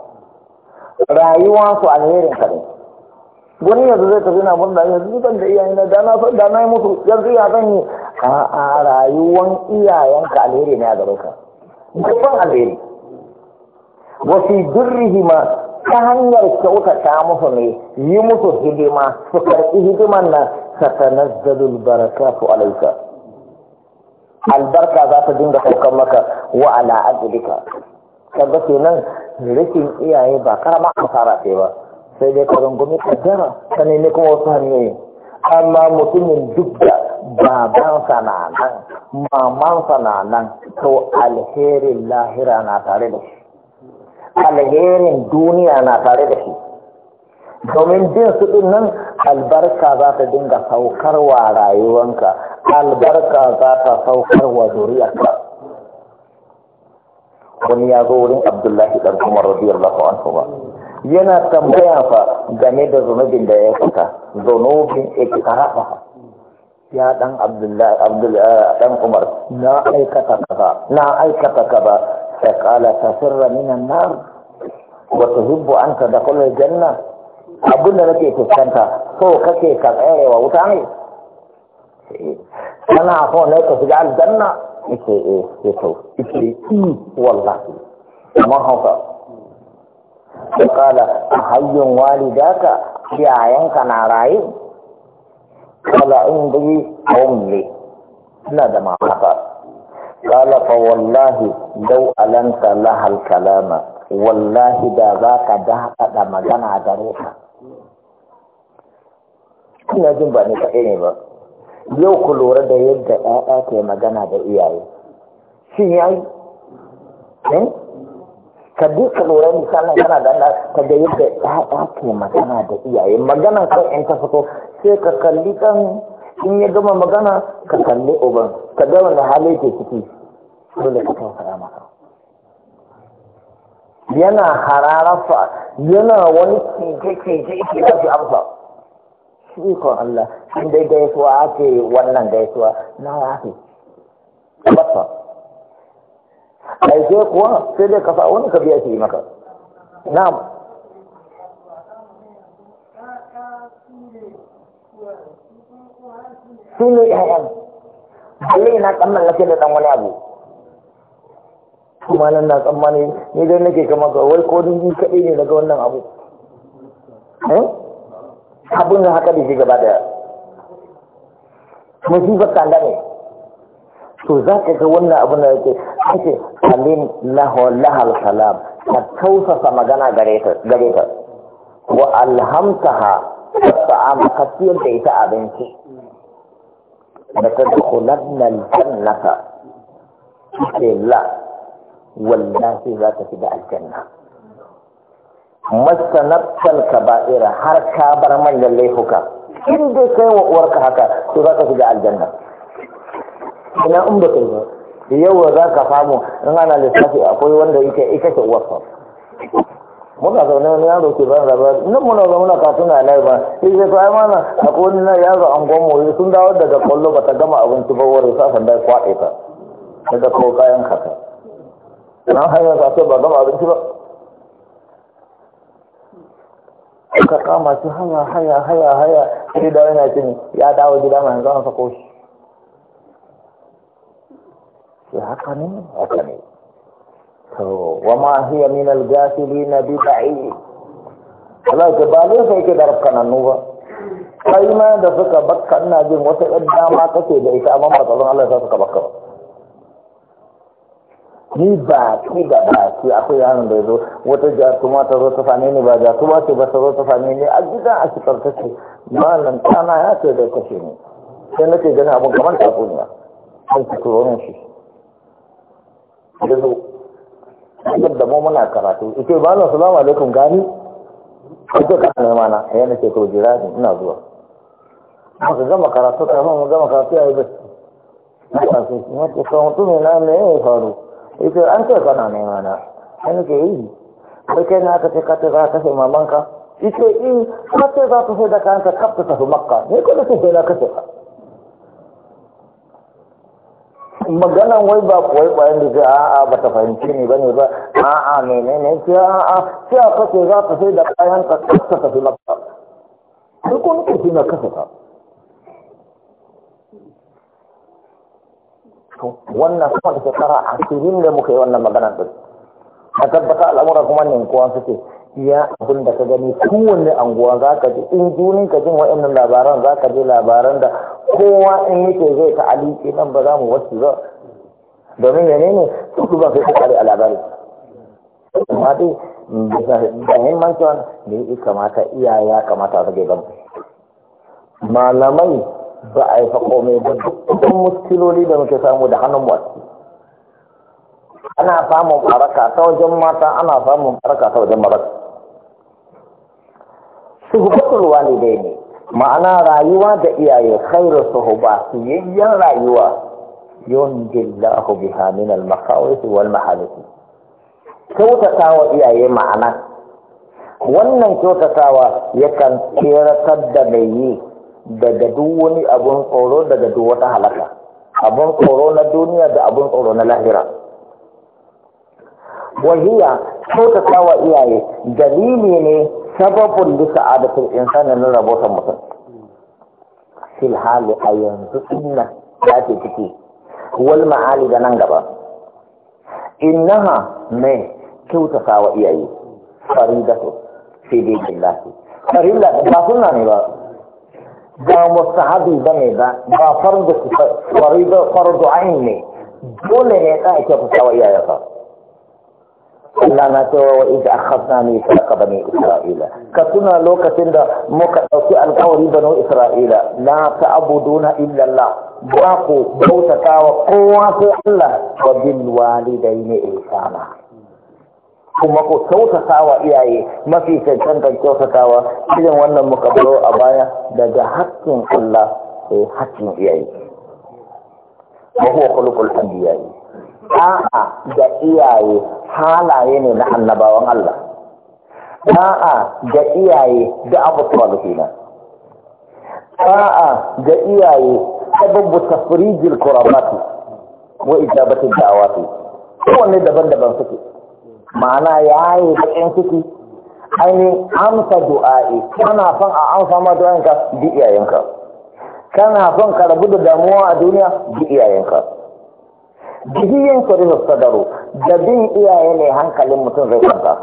rayuwa su alherin ka ne wani yanzu zai tafi na murna yanzu zan da iyayen da na da na mutu yanzu ya zan yi a a rayuwan iyayenka alheri ne a gare ka
dukkan alheri
Wasu fi durrihi ma ta hanyar kyautata musu ne yi musu hidima su karɓi hidiman nan ta baraka su alaika albarka za ta dinga saukar maka wa ala ajlika kaga kenan rikin iyaye ba karama fara ce ba sai dai ka rungumi kaddara ka nemi kuma wasu hanyoyi amma mutumin duk da babansa na nan mamansa na nan to alherin lahira na tare da shi alherin duniya na tare da shi domin jin su ɗin nan albarka za ta dinga saukarwa rayuwanka albarka za ta saukarwa zuriyarka wani ya zo wurin abdullahi ɗan kuma rabiyar lafa anhu ba yana tambaya fa game da zunubin da ya fita zunubin haɗa. ya dan abdullahi abdullahi eh, dan umar na aikata kaza na aikata kaza حتى قال تفر من النار وتهب ta تدخل الجنة janna, da nake fuskanta so kake ka tsere wa wuta ne kana so ne ka shiga aljanna yake eh ke to yake ki wallahi amma hauka sai kala a hayyun walidaka iyayenka na raye kala in dai a ne ina da mamaka qala fa wallahi dau alanta lahal kalama wallahi da ka da magana gare ka ina jin ba ni kaɗai ne ba yau ku lura da yadda ɗaya ke magana da iyaye shin ya yi eh? ka duka lura misalin kana da Allah ka ga yadda ɗaya ke magana da iyaye magana kai in ta fito sai ka kalli kan in ya gama magana ka kalli uban ka ga da hali ke ciki dole ka tausaya maka yana hararafa, yana wani kinke kinke ke da su amsa shi ko Allah in dai gaisuwa ake wannan gaisuwa na yafi bata aike kuwa sai dai kasa wani ka biya yi maka na'am su ne ƴaƴan balle na tsammanin lafiya da ɗan wani abu kuma nan na tsammani ni dai nake kama ga wai ko ni kaɗai ne daga wannan abu eh? abun da haka da shi gaba daya musibar ne to za ka ga wannan abun da yake ake halin lahal salam ka tausasa magana gare ta wa alhamtaha ta'am ka siyar da ita abinci da ta dukulan nan jannata ce wallahi za ka shiga aljanna masanattal kaba'ira har ka bar manyan laifuka in dai kai wa uwarka haka to za ka shiga aljanna ina in ba kai ba yau za ka famu. in ana lissafi akwai wanda ita ita ce uwarsa muna zaune wani yaro ke ban raba nan muna zaune ka tuna lai ba sai ce to ai mana akwai wani na yaro an gwamnati sun dawo daga kwallo ba ta gama abinci ba wurin sa sanda ya kwaɗe ta daga kawo kayan kasa nan hanyar za ta ba gama abinci ba ka kama shi haya haya haya haya sai da yana cin ya dawo gida mai yanzu an sako shi sai haka ne haka ne to wa ma hiya min al-ghafilin bi ba'id Allah ta bale sai ke da rafkan nan ba kai ma da suka bakka ina jin wata ɗan dama kake da ita amma matsalolin Allah ya sa suka bakka ba ni ba ki da ba ki akwai yaron da ya zo wata jatuma ta zo ta fane ni ba jatuma ce ba ta zo ta fane ni a gida a cikar ta ce malam tana ya ce da kashe ne. sai nake gani abin kamar ta kuniya. an ci turo shi yanzu zo yadda mu muna karatu ike ba na salamu alaikum gani ake ka nema na yana nake to jira ni ina zuwa muka gama karatu kafin mu gama karatu ya yi bacci na kasu na ce kawo mutum ne na ne ya faru yake an ce kana nema na an ke yi kai kai na ka ce ka ce maman ka kashe mamanka in ka ce za ka sai da kayan ka ta tafi makka ne ko da su sai na ka? ka maganan wai ba kuwai bayan da a'a ba ta fahimci ne ba ne ba ne, ne ce a'a ce a ka za ka sai da kayan ka ta tafi makka ne ko nuke na kasa ka wannan kuma da shekara cikin da muka yi wannan magana din a tabbata al'amura kuma ne kuwa suke iya abin da ka gani kowanne anguwa za ka ji in junin ka jin wa'annan labaran za ka ji labaran da kowa in yake zai ta aliki nan ba za mu wasu za domin yane ne su ba sai su kare a labari amma dai da muhimmancin da ya kamata iyaye ya kamata su gaban malamai ba a yi komai ba dukkan muskiloli da muke samu da hannun wasu ana samun baraka ta wajen mata ana samun baraka ta wajen maraka suhubatul walidai ne ma'ana rayuwa da iyaye khairu suhuba siyayyen rayuwa yunjillahu biha min al-makawis wal mahalisi kyautata wa iyaye ma'ana wannan kyautatawa yakan tseratar da mai yi daga duk wani abun tsoro daga duk wata halaka abun tsoro na duniya da abun tsoro na lahira wahiya kyautata wa iyaye dalili ne sababin adatun in insani na rabotan mutum Filhali a yanzu inna ya ce ciki wal ma'ali da nan gaba innaha mai kyautata wa iyaye faridatu fi farilla ba suna ne ba ba mustahabi ba ne ba ba fardu faridu fardu ain ne dole ne da ake fitawa iyayensa Allah na cewa wa idza akhadna mithaqa bani isra'ila ka tuna lokacin da muka dauki alƙawari bani isra'ila la ta'buduna illa Allah ba ku bautatawa kowa sai Allah wa bil walidaini ihsana kuma ko kyautata wa iyaye mafi cancantar kyautatawa irin wannan muka baro a baya daga haƙƙin Allah sai eh, haƙƙin iyaye wa huwa khuluqul iyaye. a'a da iyaye halaye ne na annabawan Allah a'a da iyaye da abu na. a'a da iyaye sababu tafrijil kuramati wa ijabati da'awati kowanne daban-daban suke ma'ana ya yi bakin ciki ainihin amsa du'a'i kana son a amsa ma du'a'inka bi iyayenka kana son ka rabu da damuwa a duniya bi iyayenka bihiyin ka da sadaro da bin iyaye ne hankalin mutum zai kwanta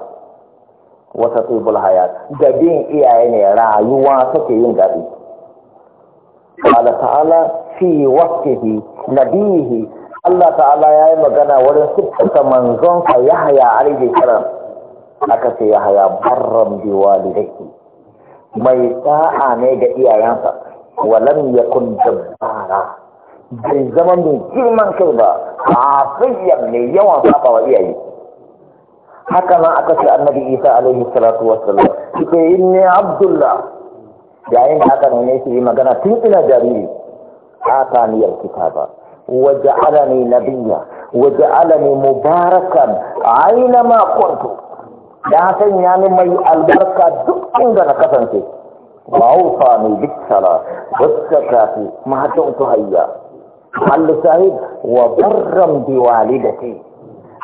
wata tebul haya da bin iyaye ne rayuwa take yin daɗi قال تعالى في وقته نبيه Allah ta'ala ya yi magana wurin siffata manzonsa ya haya alaihi kiran aka ce ya haya barram bi walidaihi mai sa'a ne ga iyayensa walam yakun jabbara bai zama mai girman kai ba afiyar ne yawan saba wa iyaye haka nan aka ce annabi isa alaihi salatu wassalam kike inni abdullah yayin da aka ne shi magana tun ina jariri ataniyar kitaba وجعلني نبيا وجعلني مباركا اينما كنت يا سيدي يا نعم البركة دكتين دانا كفنتي وعوصاني بالصلاة والزكاتي ما دعوت هيا قال سعيد وبرم بوالدتي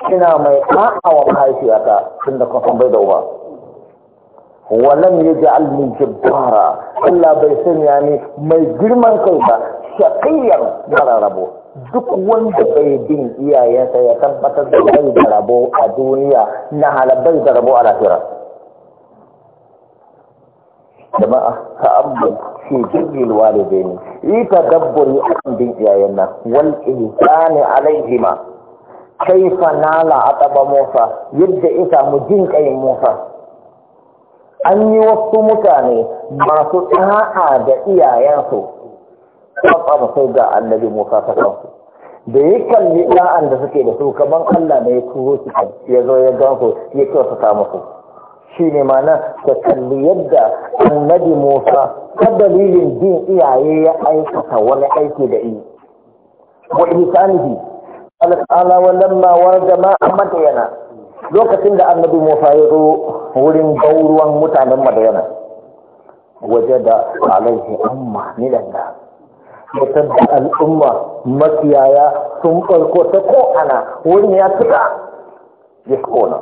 كنا ما يقع ومحايش يأتا سندك وصم بيدوها ولم يجعلني جبارا الا بيسن يعني ما يجرمن كيفا شقيا على ربو duk wanda bai bin iyayensa ya tabbatar da bai da rabo a duniya na halabai da rabo a lahira jama'a ta'ammul shi jirgin ne. yi a kan bin iyayen nan wal ihsani Kai fanala nala ataba Musa yadda isa mu jin kai Musa an yi wasu mutane masu ta'a da iyayensu kwafa ba sai ga annabi musa ta kansu da ya kalli ɗa'an da suke da su kaman allah ne ya turo su ya zo ya gan su ya ta musu shi ne mana ta kalli yadda annabi musa ta dalilin jin iyaye ya aikata wani aiki da yi wa ihsanihi Allah ta'ala wa lamma jama ma madayana lokacin da annabi Musa ya zo wurin gauruwan mutanen madayana da alaihi amma ni da mutar da al'umma makiyaya sun farko ta ko ana wani ya tuka ya kona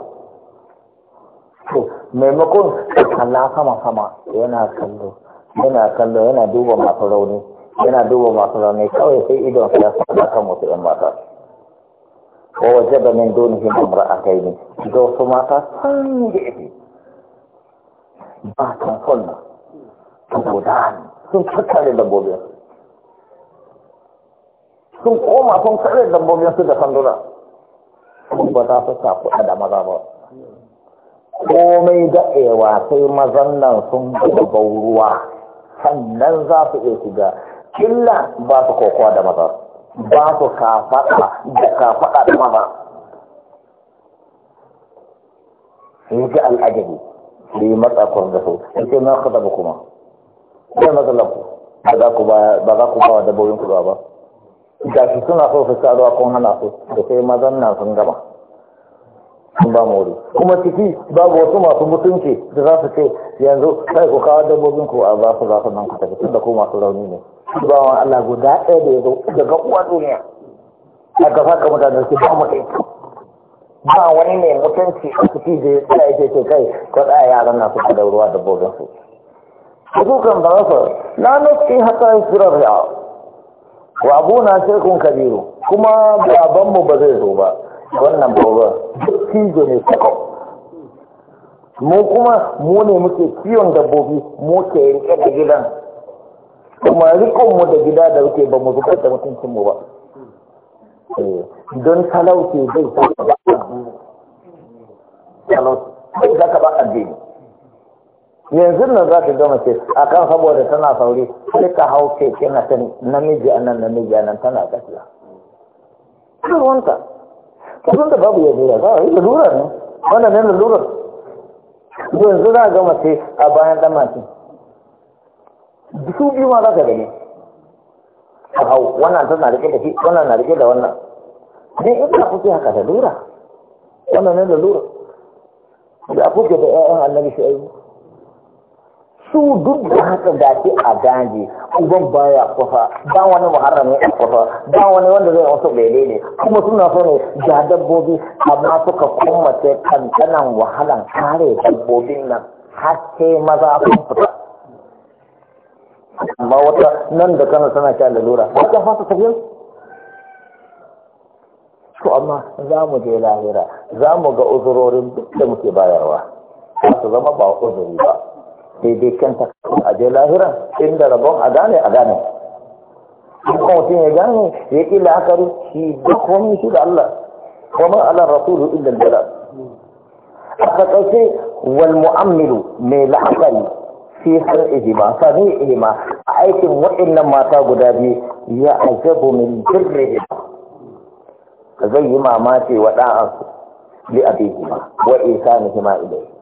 to maimakon kalla sama sama yana kallo yana kallo yana duba masu rauni yana duba masu rauni kawai sai idon ya fada kan wasu yan mata wa waje da min dunihin imra'atai ne da wasu mata san gefe ba tun sunna ta sun tattare da gobe sun koma sun kare dabbobin su da sanduna ba za su sa kuɗa da maza ba komai daɗewa sai mazan nan sun gaba bauruwa sannan za su iya shiga killa ba su kokowa da maza ba su kafaɗa da kafaɗa da maza sun ji al'ajabi sai matsa kwan da su sai na ba kuma sai matsalar ku ba za ku ba wa dabbobin kuɗa ba ga shi suna so su karuwa kun hana su da sai mazan nan sun gama sun ba mori kuma ciki babu wasu masu mutunci da za su ce yanzu sai ku kawo dabbobin ku a za su za su nan ku tafi da ku masu rauni ne ba wa Allah guda ɗaya da ya zo daga uwa duniya a ga ga mutane su ba mutunci ba wani ne mutunci a ciki da ya tsaya yake ce kai ko tsaya yaran na su da ruwa dabbobin su. Hukukan ba za su, na nufi hata yi sirar wa abuna shirkun kabiru kuma babanmu ba zai zo ba wannan bauwa duk ne sako mu kuma mu ne muke kiyon dabbobi mu ke yanke da gidan kuma rikon mu da gida da muke ba mu zubar da mutuncin mu ba eh, don talauci zai zaka ba a talauci zai zaka ba addini yanzu nan za ka gama ce a kan saboda tana sauri sai ka hau keke na ta namiji a nan namiji a nan tana tafiya ta wanta kusan da babu yanzu ya za a yi lura ne wanda ne lura. yanzu za a gama ce a bayan dan mace su biyu ma za ka gani ka hau wannan tana rike da shi wannan na rike da wannan ne ina kuke haka da lura wannan ne lura, da kuke da ƴaƴan annabi shu'aibu su duk da haka da ke a daji uban baya kusa ba wani muharrami a kusa ba wani wanda zai wasu bele ne kuma suna so ne ga dabbobi amma suka kuma ce kankanan wahalan kare dabbobin nan har sai maza sun fita amma wata nan da kana tana sha lalura wata fasa tafiyar su amma za mu je lahira za mu ga uzurorin duk da muke bayarwa za su zama ba uzuri ba Daidai dai kanta a je lahira inda rabon a gane a gane kuma mutum ya gane ya ƙi la'akari shi duk wani shi da Allah kuma ala rasulu illa jala a takaice wal mu'ammilu mai la'akari fi har ihima sami ihima a aikin waɗannan mata guda biyu ya ajabu min jirrihim zai yi mamaci wa ɗa'ansu li abihima wa isanihima ilayhi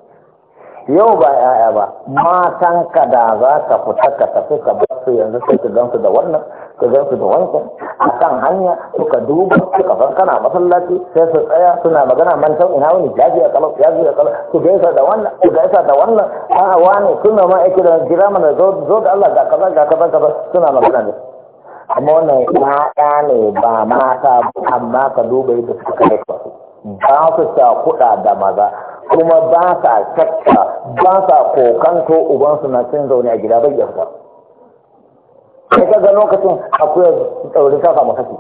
yau ba ya'ya ba matan ka da za ka fita ka tafi ka ba su yanzu sai ka gansu da wannan ka gansu da wancan a kan hanya su ka duba su ka san kana masallaci sai su tsaya suna magana mantan ina wani jaji a kalau jaji a kalau su gaisa da wannan su gaisa da wannan a wani suna ma aiki da jira mana zo da Allah ga kaza ga kaza kaza suna magana ne amma wannan ya'ya ne ba mata amma ka duba yadda suka kai ba su sa kuɗa da maza kuma ba sa cakka, ba sa kokanto ubansu na cin zaune a gida bai yarda sai kaga lokacin akwai tsauri ta samu kashi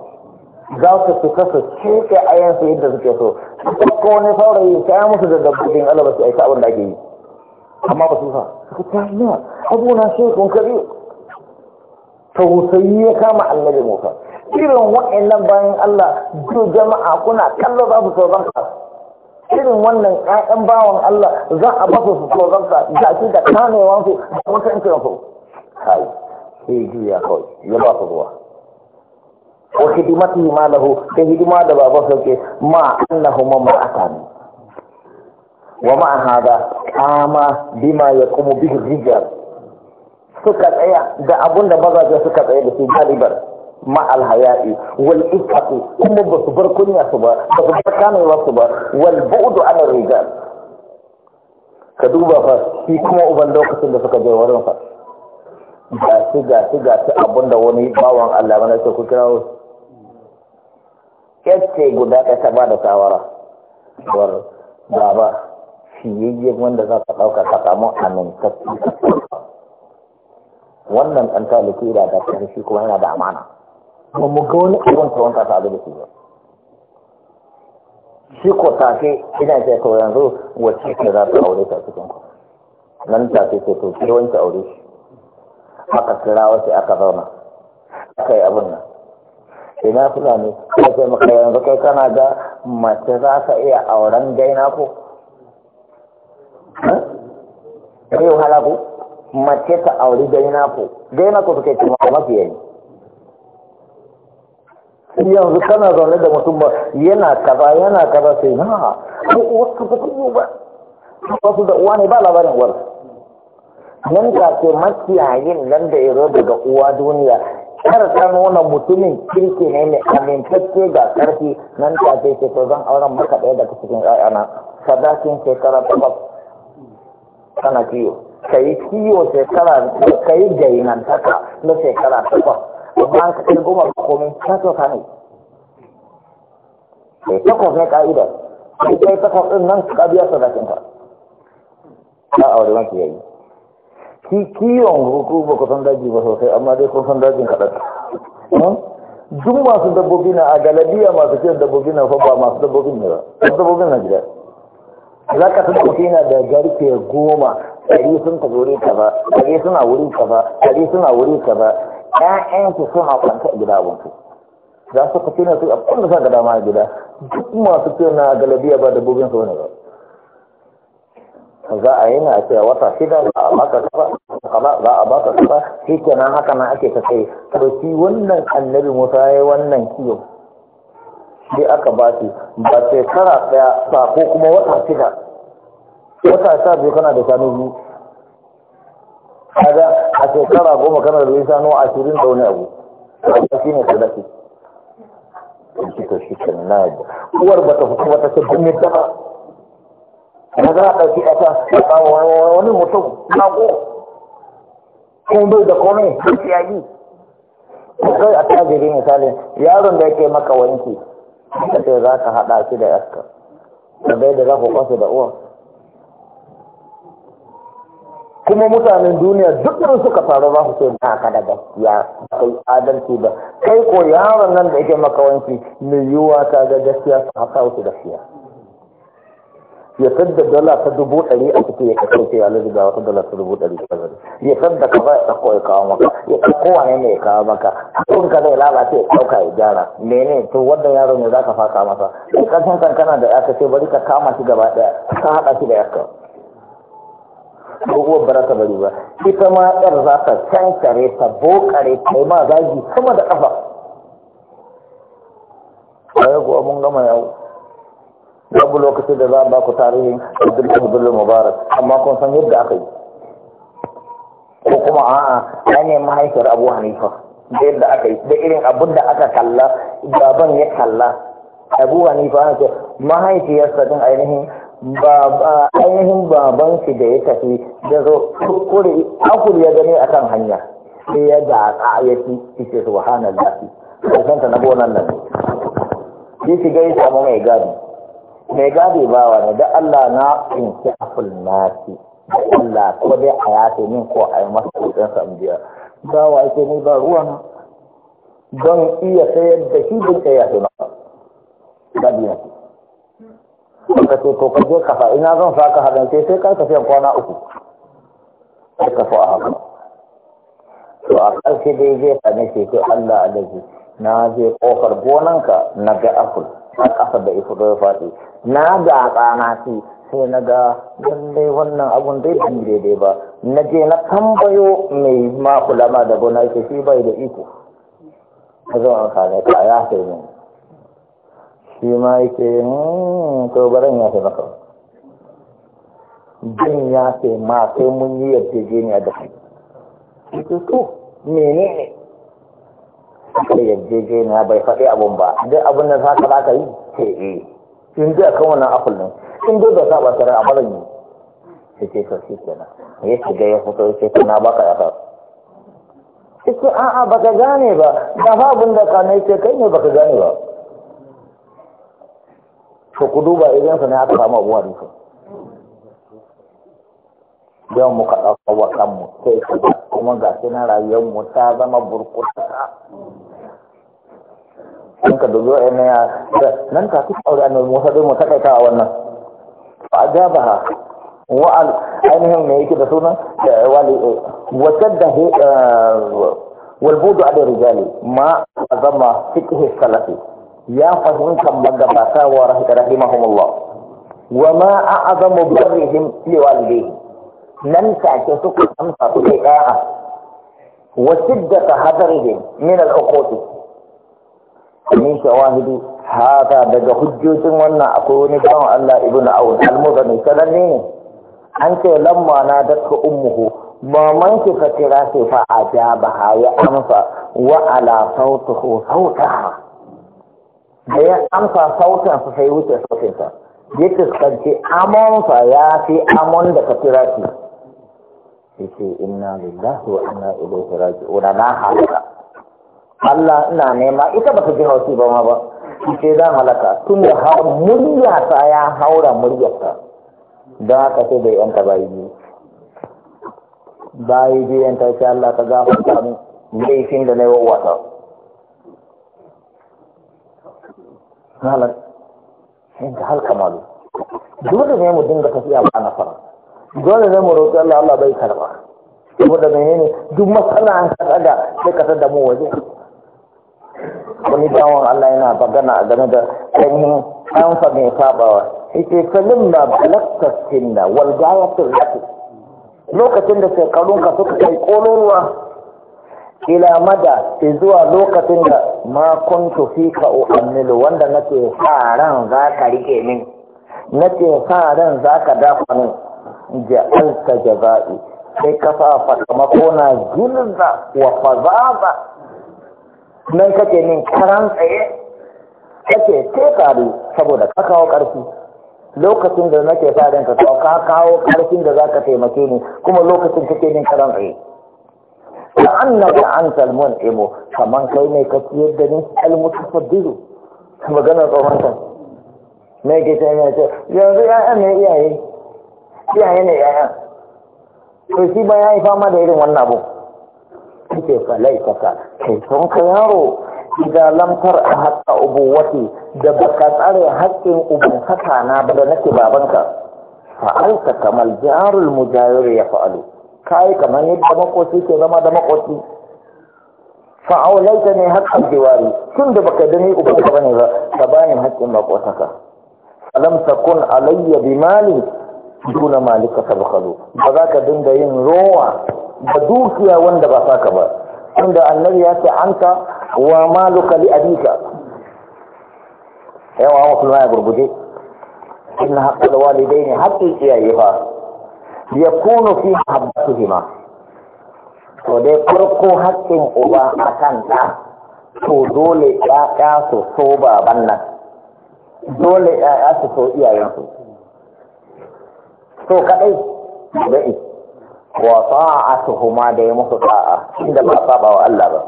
za su fita su cike su yadda suke so ko ne saurayi ta yi musu da dabbobin alaba su aika abin da ake yi amma ba su fa suka ta yi abu na shekun kari tausayi ya kama annabi musa irin wa'annan bayan allah duk jama'a kuna kallo za su sauran irin wannan ƴaƴan bawan Allah za a ba su su tsoronsa da shi da kamewan su da mutuncin su kai sai juya kawai ya ba su ruwa wa hidimati ma lahu da hidima da baba ke ma annahuma ne wa ma hada kama bima kuma bihi rijal suka tsaya da abun da mazaje suka tsaya da su galibar ma'al haya'i wal ifatu kuma ba su bar kunya su ba ba su bar kanewa su ba wal bu'du an rijal ka duba fa shi kuma uban lokacin da suka je wurin fa ga shi ga shi ga shi abinda wani bawan Allah mana ce ku kirawo kace guda ɗaya ta bada shawara war baba yayye wanda za ka ɗauka ka samu amintacci wannan ɗan talibi da da shi kuma yana da amana ba mu ga wani abin ta wanka ta da shi ba shi ko tafi ina ce to yanzu wacce ce za ta aure ta cikin ku nan ta ce to ki wanke aure shi haka kira wace aka zauna aka yi abin nan ina ne ya ce maka yanzu kai kana ga mace za ka iya auren gaina ko Kai wahala mace ta auri gaina ko gaina ko suke cewa mafi yayi. yanzu kana zaune da mutum ba yana kaza yana kaza sai na ko wasu ba su ba su da uwa ne ba labarin uwar nan da ke makiyayin nan da iro daga uwa duniya kar ta nuna mutumin kirki ne mai amintacce ga karfi nan da ke ce to zan auren maka ɗaya daga cikin ƴaƴana sadakin shekara takwas kana kiyo ka yi kiyo shekara ka yi gainantaka na shekara takwas amma ka kai goma ba komin ka ne sai takwas ne ka'idar sai kai takwas ɗin nan ka biya sadakin ka ka aure wanki yayi ki kiwon ba ku san daji ba sosai amma dai kun san dajin kaɗan hmm? duk masu dabbobi na a galabiya masu kiran dabbobi na fa ba masu dabbobin ne ba dabbobin na gida za ka san kuke yana da garke goma ɗari sun zore ka ba ɗari suna wuri ba ɗari suna wuri kaza ƴaƴan su suna kwanta a gida abinku za su kace ne su a kullum sa ga dama a gida duk masu ce na galabiya ba dabbobin su ne ba za a yi na ce wata shida za a baka kaza kaza za a baka kaza shi kenan haka nan ake ka kai to shi wannan annabi musa ya yi wannan kiyo sai aka ba shi ba shekara ɗaya ba ko kuma wata shida wata sha biyu kana da shanu biyu kaga a shekara goma kana da shanu ashirin da wani abu a shi ne sadaki shi ta shi kan na yadda uwar ba ta fito ba ta ce dun yadda ba na za a ɗauki ƙasa a kawo wani mutum na ko kun bai da komai sai ya yi kai a jiri misali yaron da yake maka wanki ka ce za ka haɗa shi da yaska da bai da za ku kwasa da uwa kuma mutanen duniya duk nan suka faru za su ce ba ka da gaskiya kai adalci ba kai ko yaron nan da yake maka wanki mai yiwuwa ka ga gaskiya su haka wasu gaskiya ya tadda dala ta dubu ɗari a cikin ya kasance ya lalata wata dala ta dubu ɗari ta zari ya tadda ka ba ya ɗauko ya kawo maka ya ɗauko kowa ne ya kawo maka tun ka zai lalace ya ɗauka ya gyara mene to wannan yaro ne za ka faka masa in ƙarshen kankana da ya kace bari ka kama shi gaba ɗaya ka haɗa shi da yakka abubuwan ba ta bari ba ita ma yar za ta cankare ta bokare ta yi ma zagi sama da ƙafa bayan kuwa mun gama yau babu lokacin da za a baku tarihin abdullahi bello mubarak amma kun san yadda aka yi ko kuma a'a ya ne mahaifiyar abu hanifa da yadda aka yi da irin abin da aka kalla baban ya kalla abu hanifa ce mahaifiyarsa din ainihin ba ainihin baban shi da ya tafi da zo kuri ya gani akan hanya sai ya da a ya ci ce subhanallah san ta na nan nan shi shiga ya samu mai gadi mai gadi wa ne da Allah na tsinci aful nasi da Allah ko dai a yafe min ko a yi masa kudin ba wa ake ni ba ruwan don iya sayar da shi bin ya a masa gadi na ka ce to kaje kafa ina zan saka hadan sai sai kai tafiyan kwana uku sai ka fa haka to a ƙarshe dai zai same ce sai Allah alaji na je kofar ka na ga apple a kasa da ifu da ya na ga tsana ce sai na ga lallai wannan abun dai ban daidai ba na je na tambayo mai makulama da gona yake shi bai da iko ka zo an kane ka ya sai mun shi ma yake hmm, to baran ya maka jin ya ce ma sai mun yi jini a kai ita to mene ne aka a bai faɗi abun ba duk abin da za ka za ka yi ce e eh. in dai akan wannan aful ɗin in dai ba tare a barin yi sai ce to shi kenan ya shiga ya fito ya ce to na baka ya fara ita a'a baka gane ba da fa abin da ka ne ce kai ne baka gane ba to ku duba idan sa ne aka samu abuwa da su yau muka ɗauka wa kanmu sai su kuma ga shi na rayuwarmu ta zama burkuta in ka dubi wa'in ya nan ka fi aure annabi musa dai mu taƙaita a wannan ba a ja ba wa'al ainihin ne yake da sunan wali wacce da walbudu eh, a da rijali ma a zama fiƙihi salafi ya fahimtar magabata wa rahimahumullah wa ma a'azamu birrihim li walidayhi nan ta take suka amsa su kai ɗaya wa shiddata hadarihim min al-uquti min shawahidi hada daga hujjojin wannan akwai wani bawan Allah ibnu Aun al-Muzani sananne ne an ce lamma na datka ummuhu maman ki ta kira sai fa ajaba ya amsa wa ala sautuhu sautaha da ya amsa su sai wuce sautinsa ya fuskanci amonsa ya fi amon da ka kira shi ya ce inna lillahi wa inna ilaihi raji'una na halaka Allah ina nema ita ba ta ji haushi ba ma ba ce zan halaka tun da har muryata ya haura ta. don haka sai da yanta bayi biyu bayi biyu ya sai Allah ka gafarta min laifin da na yi wa wata malam inda hal kamalu dole ne mu dinga tafiya ba nasara dole ne mu roƙi Allah Allah bai karba saboda menene duk matsala an ka daga sai ka tada mu waje wani bawan Allah yana bagana a game da ainihin kanfa mai sabawa yake salim da balakta tinda wal gayatul rafi lokacin da ka suka kai ƙololuwa ila mada zuwa lokacin da ma kuntu fika u'ammilu wanda nake sa ran za ka rike min nake sa ran za ka dafa min ja'alta jaza'i sai ka sa sakamako na gilza wa fazaza nan kake min karan tsaye kake tekari saboda ka kawo ƙarfi lokacin da nake sa ran ka kawo ƙarfin da za ka taimake ni kuma lokacin kake min karan tsaye ka an antal Imo, kaman kai ne ka ciyar da ni almutafaddilu magana tsohon ta me ke ta yana ce yanzu ya'ya ne iyaye iyaye ne ya'ya to shi ba ya yi fama da irin wannan abu kake falai kasa kai sun ka yaro idan lamtar a hatta ubuwati da baka tsare haƙƙin ubantaka na ba da nake babanka fa'alta kamar jarul mujayir ya fa'alu kayi kamar yadda makoci ke zama da makoci fa aulaita ne haƙƙin jiwari tun da baka dani uban ka bane ba ka bani haƙƙin makotaka alam takun alayya bi mali duna malika tabkhalu ba za ka dinga yin rowa da dukiya wanda ba saka ba tunda annabi ya ce anta wa maluka li abika yawa musulma ya gurguje inna haqqal walidaini haqqi iyaye liyakunu fi mahabbatuhima to de korko hakkin oba akanɗa to dole ɗaɗaso so babannan dole ɗaɗaso so iyayensu so kaɗai ba'i wa ta'atuhuma da ya musu ta'a inda ba saba wa Allah ba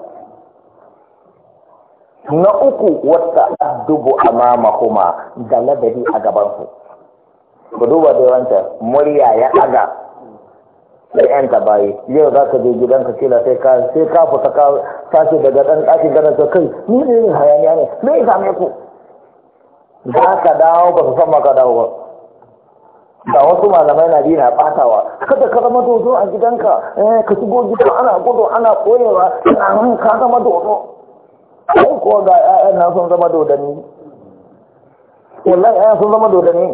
na uku wata addubu amamahuma da ladabi a gabansu ku duba da wancan murya ya ɗaga da yanka bayi yau za ka je gidanka kila sai ka sai ka fita ka tashi daga ɗan ɗakin gana ta kai ni ne ne hayaniya ne me ya same ku za ka dawo ba su san ma ka dawo ba da wasu malamai na biyu na batawa kada ka zama dodo a gidanka eh, ka shigo gidan ana gudu ana koyewa ina hun ka zama dodo ko ko ga ƴaƴan na sun zama dodani wallahi ƴaƴan sun zama dodani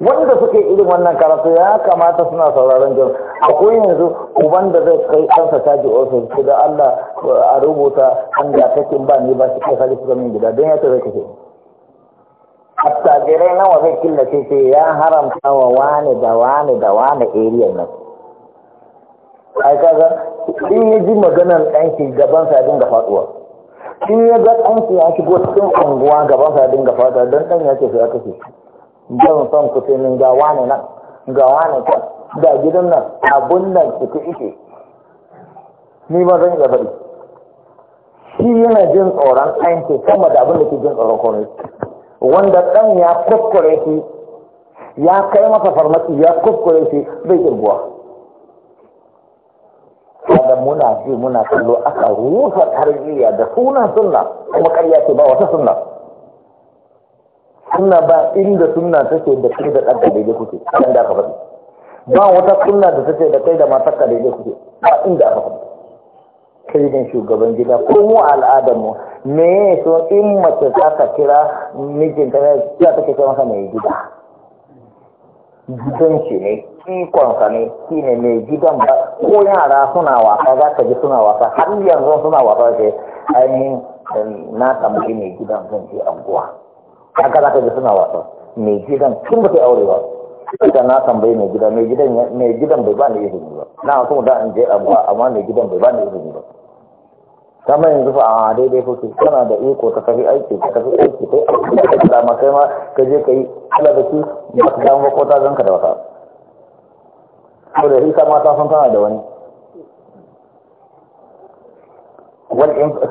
wanda suke irin wannan karatu ya kamata suna sauraron jin akwai yanzu uban da zai kai kansa caji ofis ko da Allah a rubuta an da kakin ba ni ba shi kai sai su min gida don ya tare kake attajirai nawa zai killace ce ya haramta wa wani da wani da wani area nan ai kaga in ya ji maganar ɗanki gaban sa dinga faduwa in ya ga ɗanki ya shigo cikin unguwa gaban sa dinga faduwa don ɗan ya ce sai ya kashe jan son ku sai min ga wane nan ga wane can ga gidan nan abun nan ciki ike ni ba zan iya faɗi shi yana jin tsoron ainihi sama da abin da ke jin tsoron kone wanda ɗan ya kuskure shi ya kai masa farmaki ya kuskure shi bai kirguwa kada muna ji muna kallo aka rusa tarbiyya da suna sunna kuma karya ce ba wata sunna sunna ba inda sunna take da kai da ɗanka daidai kuke kan da aka faɗi ba wata sunna da take da kai da matarka daidai kuke ba inda aka faɗi kai ne shugaban gida ko mu al'adar mu me so in mace za ka kira mijin ta ya take kai masa mai gida gidan shi ne sa ne shi ne mai gidan ba ko yara suna wasa za ka ji suna wasa har yanzu suna wasa ce ainihin eh, na tambayi mai gidan zan ce anguwa haka za ka ji suna wasa mai gidan tun ba ta aure ba ita na tambayi mai gidan mai gidan mai gidan bai ba ni izini ba na so da in je abuwa amma mai gidan bai ba ni izini ba kamar yanzu fa a daidai kuke kana da iko ka tafi aiki ka tafi aiki kai da ma kai ma ka je ka yi ala da shi ba ka damu ba ko ta zanka da wata. Saboda hisa mata san tana da wani.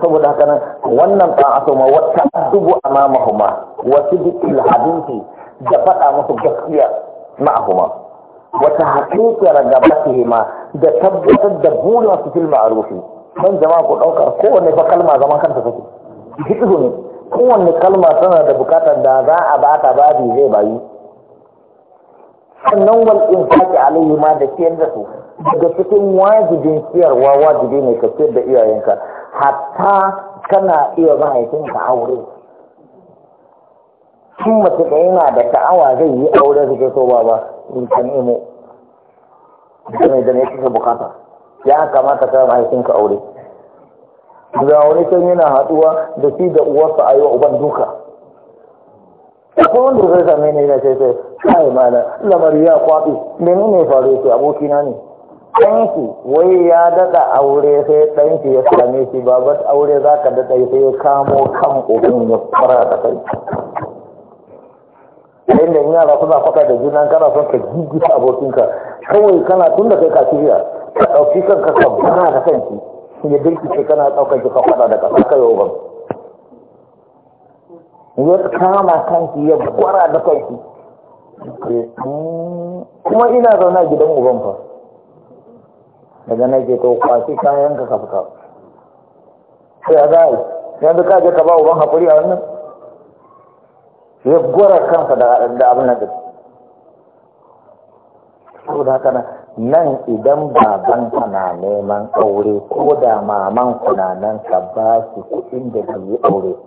saboda haka nan wannan ɗan asoma wata dubu a mamahuma wasu dukkan hadisi da faɗa musu gaskiya ma'ahuma wata haƙiƙar gaba su ma da tabbatar da burin su fil ma'arufi don jama'a ku ɗaukar kowanne fa kalma zaman kanta take fiƙihu ne kowanne kalma tana da bukatar da za a ba babi zai bayi. sannan wal infaqi alaihi ma da ciyar da su daga cikin wajibin siyarwa wajibi ne ka ciyar da iyayenka hatta kana iya mahaifinka aure sun mace da yana da ta'awa zai yi aure su ke so ba ba in kan imo da mai da ne kake bukata ya kamata ka mahaifinka aure da wani can yana haɗuwa da shi da uwarsa a yi wa uban duka akwai wanda zai same ne na sai sai kai mana lamari ya kwaɓi menene faru ce abokina ne ɗanki wai ya daɗa aure sai ɗanki ya same shi ba babar aure za ka daɗa sai ya kamo kan ƙofin ya fara da kai Sai da yara suna faɗa da juna kana son ka gigita abokinka kawai kana tun da kai ka shirya ka ɗauki kanka ka bara da kanki ya birkice kana ɗaukar ki ka faɗa da ƙasa ka yau ya kama kanki ya gwara da kanki eh, mm, kuma ina zauna gidan uban fa daga nan ke kwashi kayan ka ka fita sai a zai yanzu ka je ka ba uban hakuri a wannan ya gwara kansa da abin da nan da haka nan idan baban ka na neman aure ko da maman ku na nan ka ba su kuɗin da ke yi aure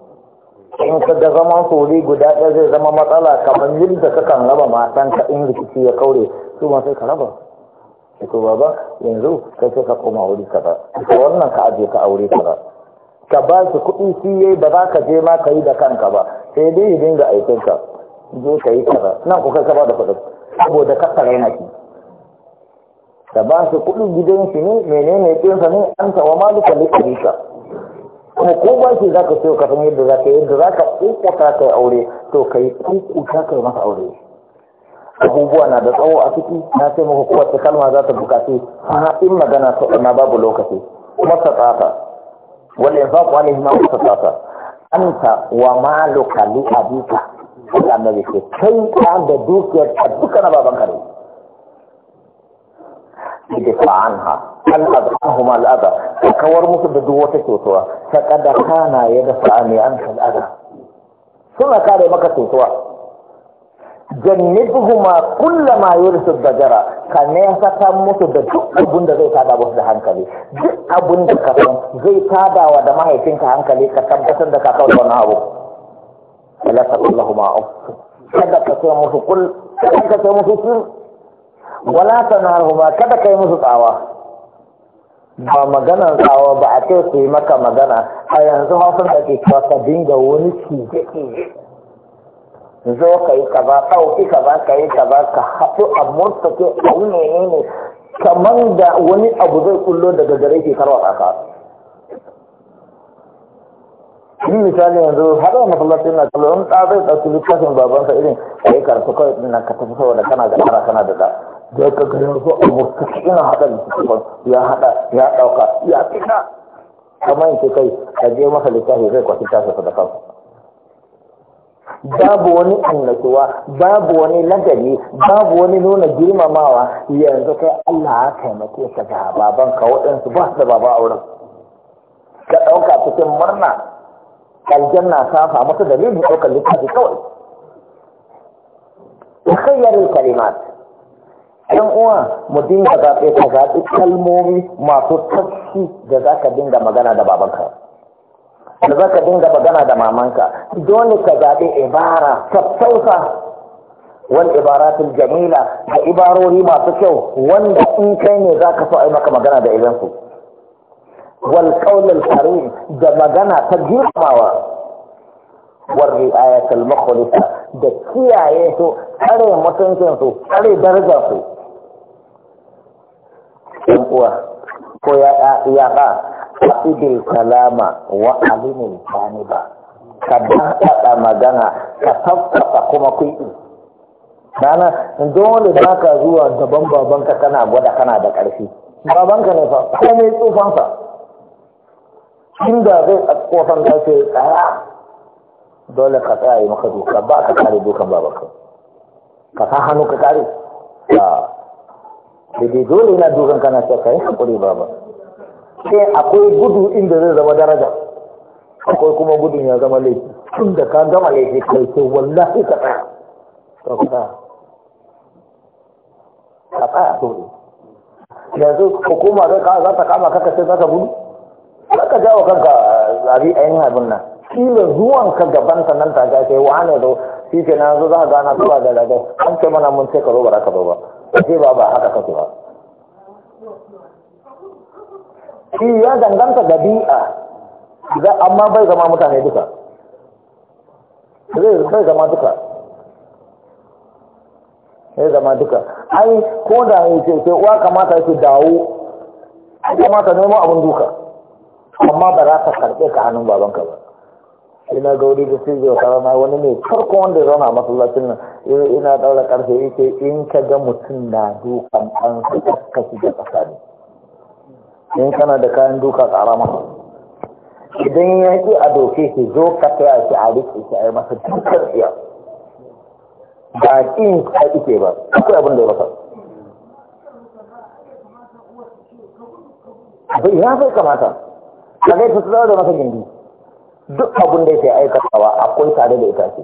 in ka da zaman kore guda ɗaya zai zama matsala kamar yadda kakan raba matanka in rikici ya kaure su ma sai ka raba ko baba yanzu kai sai ka koma wuri ka kaza ko wannan ka aje ka aure kaza ka ba shi kuɗi shi yayi ba za ka je ma ka yi da kanka ba sai dai ya dinga aikin ka je ka yi kaza nan ku kai ka ba da kuɗi saboda ka tsare na ki ka ba shi kuɗi gidan shi ne menene ɗinsa ne an tawa maluka ne ka kuma ko ba shi za ka so ka san yadda za ka yi yadda za ka ka kai aure to ka yi ka yi masa aure abubuwa na da tsawo a ciki na sai muku kowace kalma za ta bukace na in magana ta na babu lokaci masa tsata wanda yanzu ku wani hima masa tsata anta wa maluka li abika Allah annabi ce kai ka da dukiyar ka duka na baban kare idfa anha al adahuma al adha ka kawar musu da duk wata cutuwa ta kada kana ya dafa ne an kal adha suna kare maka cutuwa jannibhuma kullama yursu dajara ka ne saka musu da duk abun da zai tada musu da hankali duk abun da ka san zai tada wa da mahaifinka hankali ka tabbatar da ka kawo wannan abu la ma uff kada ka ce musu kul kada ka ce musu sir wala tanharhuma kada kai musu tsawa ba maganar tsawa ba a ce su yi maka magana a yanzu hausa da ke cewa ka dinga wani cije zo ka yi kaza ɗauki kaza ka yi kaza ka haɗu a murtake a yi menene kamar da wani abu zai kullo daga gare ke karwa kaka in misali yanzu har wani masallacin na kallo in ɗa zai ɗauki littafin babansa irin a yi karatu kawai ɗin nan ka tafi saboda kana da ƙara kana da ɗa da ka gari wasu a murtake ina haɗa littafin ya haɗa ya ɗauka ya fita kamar yake kai ka je masa littafi zai kwashi tafi da kansa babu wani annatuwa babu wani lagari babu wani nuna girmamawa yanzu kai Allah ya taimake ka ga baban ka waɗansu ba da baba auren ka ɗauka cikin murna aljanna ta samu ta dalilin ɗaukar littafi kawai Ya ukhayyarul kalimat ɗan uwa mu dinga zaɓe ka zaɓi kalmomi masu tafsi da za ka dinga magana da babanka da za ka dinga magana da mamanka dole ka zaɓi ibara sassauka wal ibaratul jamila da ibarori masu kyau wanda in kai ne za ka so a yi maka magana da idansu wal qaulul karim da magana ta girmawa war ri'ayatul mukhlisa da kiyaye su tsare mutuncin su tsare darajar su ko ya ya ba fa'idil kalama wa alimin ba, ka daɗaɗa magana ka tabbata kuma kuɗi dana dole ba ka zuwa gaban babanka kana gwada kana da ƙarfi babanka ne fa komai tsufansa inda zai a tsofan ka sai dole ka tsaya yi maka duka ba ka kare dukan babanka ka sa hannu ka kare ba daidai dole yana dukan kana sai ka yi haƙuri sai akwai gudu inda zai zama daraja akwai kuma gudun ya zama laifi tun da ka gama laifi kai sai wallahi ka tsaya ka tsaya ka tsaya to ne yanzu hukuma zai ka za ta kama kaka sai za ka gudu za ka jawo kanka a yin abin nan kila zuwan ka gaban ta nan ta ga sai wane zo shi ke nan zuwa za ka gana zuwa da lagai an ce mana mun ce ka zo ba za ka zo ba ba ba haka kake ba shi ya danganta da bi'a amma bai zama mutane duka zai zama duka zai zama duka ai ko da ya ce sai uwa kamata ya ce dawo ai kamata nemo abin duka amma ba za ta karɓe ka hannun babanka ba ina ga wuri da su zai wata na wani ne farko wanda zauna a masallacin nan eh, ina ɗaura ƙarfe ita in ka ga mutum na dukan ɗansa da ƙasa ne in kana da kayan duka karama idan ya ƙi a doke shi zo ka taya shi a riƙe shi a yi masa dukkan tsiya ba ƙin ka ike ba akwai abin da ya masa abin ya sai kamata ka zai fi da masa gindi duk abin da ya aikatawa akwai tare da ita ce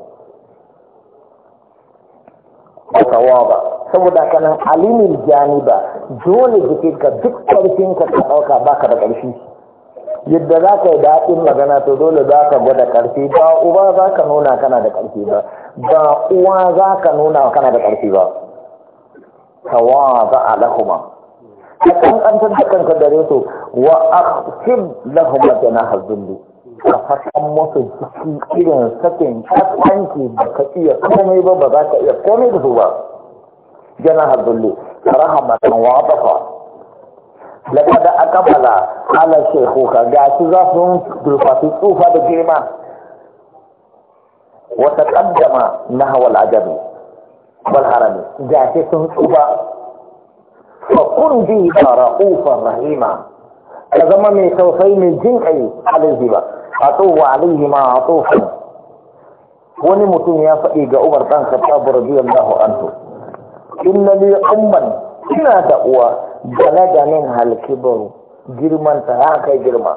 tawaba saboda kanan alimin janiba dole ka duk karfin ka ɗauka baka da karfi yadda za ka yi daɗin magana to dole za ka gwada karfi ba uba za ka nuna kana da karfi ba ba uwa za ka nuna kana da karfi ba a lahuma ka kankantar da kanka dare su wa a da na hazzun duk ka fasan musu jiki irin sakin kasanci da ka iya komai ba ba za ka iya komai da su ba jana hadulli rahamatan wa bafa laqad aqbala ala shaykhuka ga su za su durfatu tsufa da girma wa taqaddama nahwa al-ajabi wal harami ga su sun tsufa fa kun bi ra'ufan rahima ka zama mai tausayi mai jinkai alaihi ba wa alaihi ma atufan wani mutum ya faɗi ga Umar dan Khattab radiyallahu anhu inna li umman ina da uwa balaga hal halkibaru girman ta ya kai girma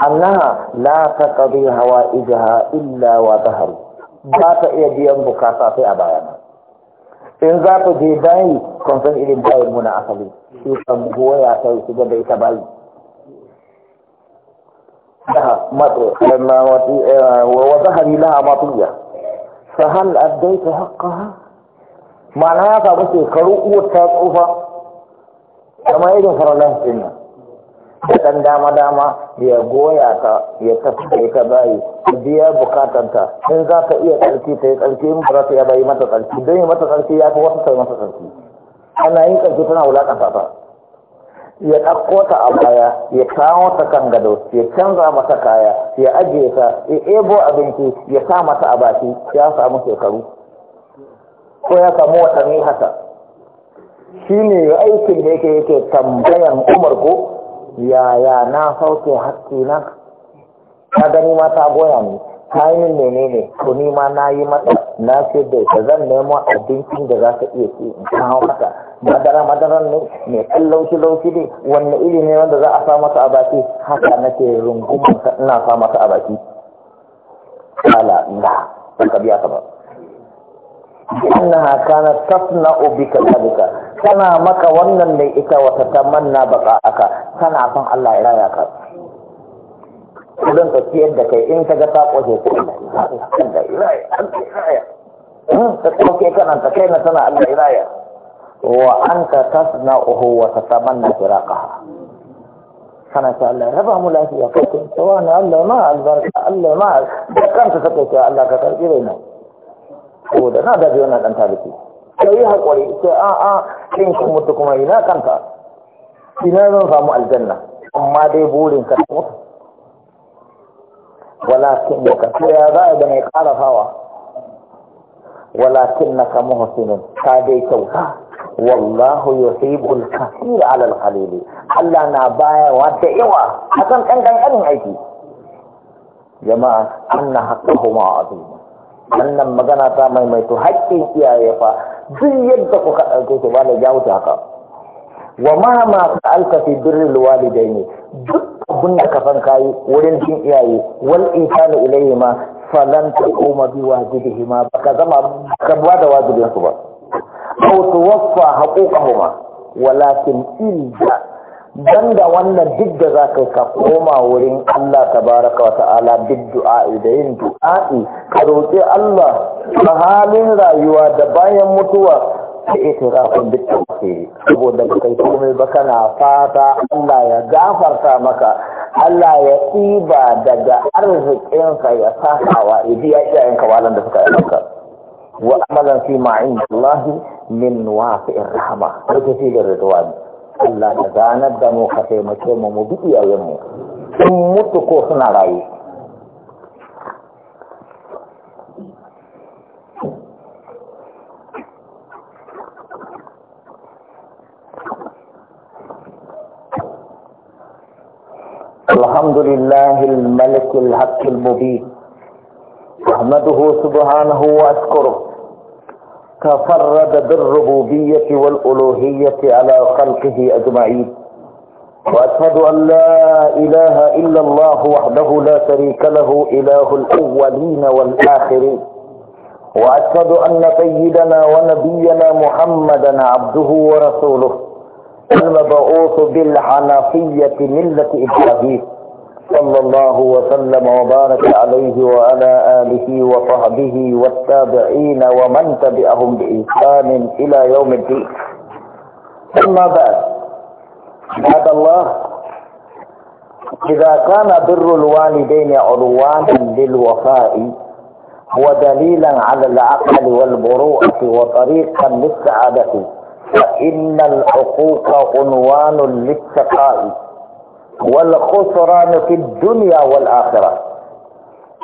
anna la hawa hawaijaha illa wa zaharu ba ta iya biyan bukata sai a bayana in za ta je bayi kon san irin bayin muna asali shi kan goya ta su ga da ta bayi لها لها مطية فهل أديت حقها معناها فبس كرؤ وتاتوفا كما يدن فرلاه سنة dan dama-dama ya goya ta ya tafi ka bayi biya bukatanta in za ka iya tsarki ta yi tsarki in ba ta ya bayi mata tsarki don yi mata tsarki ya fi wata ta yi mata tsarki ana yin tsarki tana wulakanta ta ya ɗauko ta a baya ya kawo ta kan gado ya canza mata kaya ya ajiye ta ya ebo abinci ya sa mata a baki ya samu shekaru ko ya samu watanni haka shi ne aikin da yake yake tambayan umar ko yaya na sauke hakki na ka gani mata goya ne kayan menene ko ni ma na yi mata na ce da ita zan nemo abincin da za ka iya ce in kawo mata madara madara ne mai ɗan laushi laushi ne wanne iri ne wanda za a sa masa a baki haka nake rungumar ina sa masa a baki kala na ka biya ka ba na kana obi ka tana maka wannan ne ita wata tamanna baka aka tana son Allah ya raya ka kudin ka siyar da kai in ka ga ta kwashe ku Allah hmm, kanan ta kai na Allah wa an ka tasna uhu wa ta saman firaka ta Allah raba mu lafiya Allah ma albarka Allah ma Allah ka rai na wannan taliki sai sai a a kin mutu kuma ina kanta ina zan samu aljanna amma dai burin ka mutu walakin da ka ya za a da mai karafawa walakin na ka muhsinin ka dai kyauta wallahu yuhibbul kaseer ala al-qalil Allah na baya wata yawa akan kan kankanin aiki jama'a anna haqqahuma azima wannan magana ta maimaito haƙƙin iyaye fa duk yadda kuka ɗauke su ba da ya wuce haka wa ma ma sa'alka fi birril walidaini duk abin da fanka kayi wurin jin iyaye wal insanu ilayhi ma falan taquma bi wajibihi ma baka zama ka ba da wajibin su ba aw tuwaffa haquqahuma walakin illa banda wannan duk da za ka koma wurin Allah tabaraka wa ta'ala bid du'a da yin du'a'i ka roƙi Allah a halin rayuwa da bayan mutuwa itirafin dukkan ke saboda kai komai ba kana fata Allah ya gafarta maka Allah ya tsiba daga arzikinsa ya sakawa idi ya yanka kawalan da suka yi maka wa amalan fi ma'in Allah min wafi'in rahama wata fi da ridwani Allah ya zanar da mu ka taimake mu mu bi iyayen mu sun mutu ko suna rayu الحمد لله الملك الحق المبين احمده سبحانه واشكره تفرد بالربوبية والألوهية على خلقه أجمعين وأشهد أن لا إله إلا الله وحده لا شريك له إله الأولين والآخرين وأشهد أن سيدنا ونبينا محمدا عبده ورسوله المبعوث بالحنفية ملة إبراهيم صلى الله وسلم وبارك عليه وعلى آله وصحبه والتابعين ومن تبعهم بإحسان إلى يوم الدين ثم بعد بعد الله إذا كان بر الوالدين عدوانا للوفاء ودليلا على العقل والبروءة وطريقا للسعادة فإن الحقوق عنوان للشقاء والخسران في الدنيا والآخرة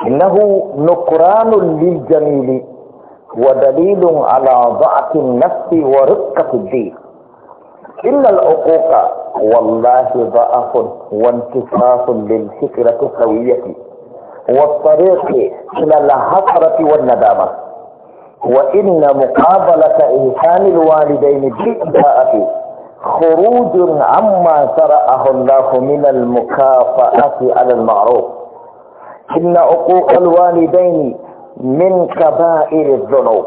إنه نكران للجميل ودليل على ضعف النفس ورقة الدين إن العقوق والله ضعف وانتصاف للفكرة السوية والطريق إلى الحسرة والندامة وإن مقابلة إنسان الوالدين بالإساءة خروج عما شرعه الله من المكافأة على المعروف إن عقوق الوالدين من كبائر الذنوب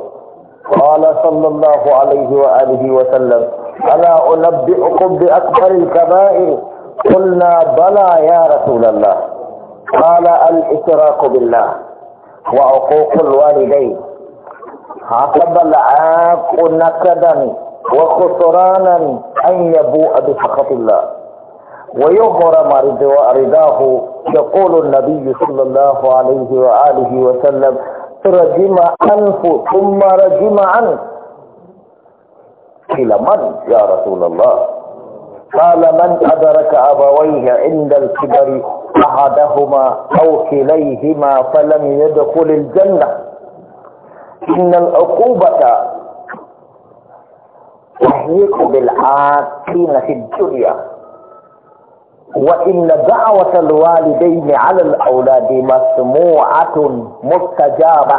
قال صلى الله عليه وآله وسلم ألا أنبئكم بأكبر الكبائر قلنا بلى يا رسول الله قال الإشراك بالله وعقوق الوالدين عقب العاق نكدا وخسرانا أن يبوء بسخط الله ويغرم رداه يقول النبي صلى الله عليه وآله وسلم رجم أنف ثم رجم عنه الى من يا رسول الله قال من أدرك أبويه عند الكبر أحدهما أو كليهما فلم يدخل الجنة إن العقوبة تحييك بالعاقين في الدنيا وإن دعوة الوالدين على الأولاد مسموعة مستجابة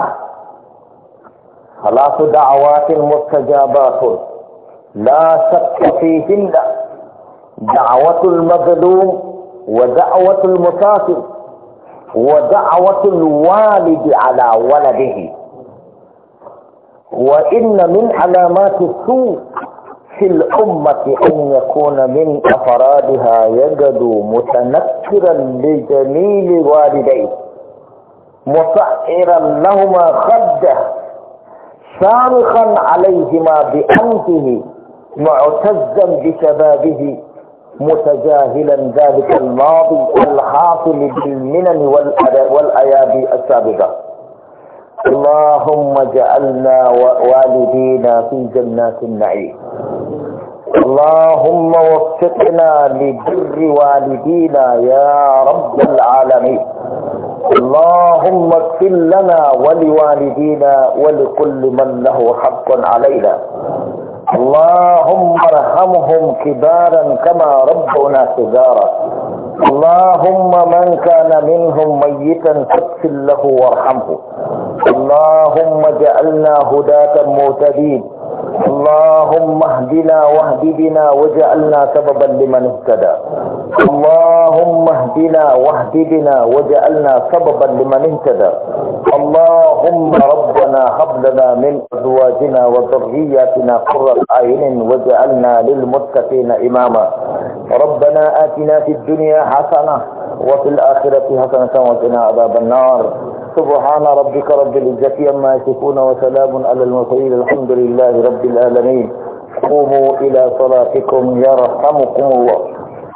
ثلاث دعوات مستجابات لا شك فيهن دعوة المظلوم ودعوة المسافر ودعوة الوالد على ولده وإن من علامات السوء في الأمة أن يكون من أفرادها يجد متنكرا لجميل والديه مسعرا لهما خده صارخا عليهما بأنفه معتزا بشبابه متجاهلا ذلك الماضي الحاصل بالمنن والأيادي السابقة اللهم اجعلنا ووالدينا في جنات النعيم اللهم وفقنا لبر والدينا يا رب العالمين اللهم اغفر لنا ولوالدينا ولكل من له حق علينا اللهم ارحمهم كبارا كما ربنا صغارا اللهم من كان منهم ميتا فاغفر له وارحمه اللهم اجعلنا هداة مهتدين اللهم اهدنا واهد بنا واجعلنا سببا لمن اهتدى اللهم اهدنا واهد بنا واجعلنا سببا لمن اهتدى اللهم ربنا هب لنا من ازواجنا وذرياتنا قرة اعين واجعلنا للمتقين اماما ربنا اتنا في الدنيا حسنه وفي الاخره حسنه وقنا عذاب النار سبحان ربك رب العزة عما يصفون وسلام على المرسلين الحمد لله رب العالمين قوموا إلى صلاتكم يرحمكم الله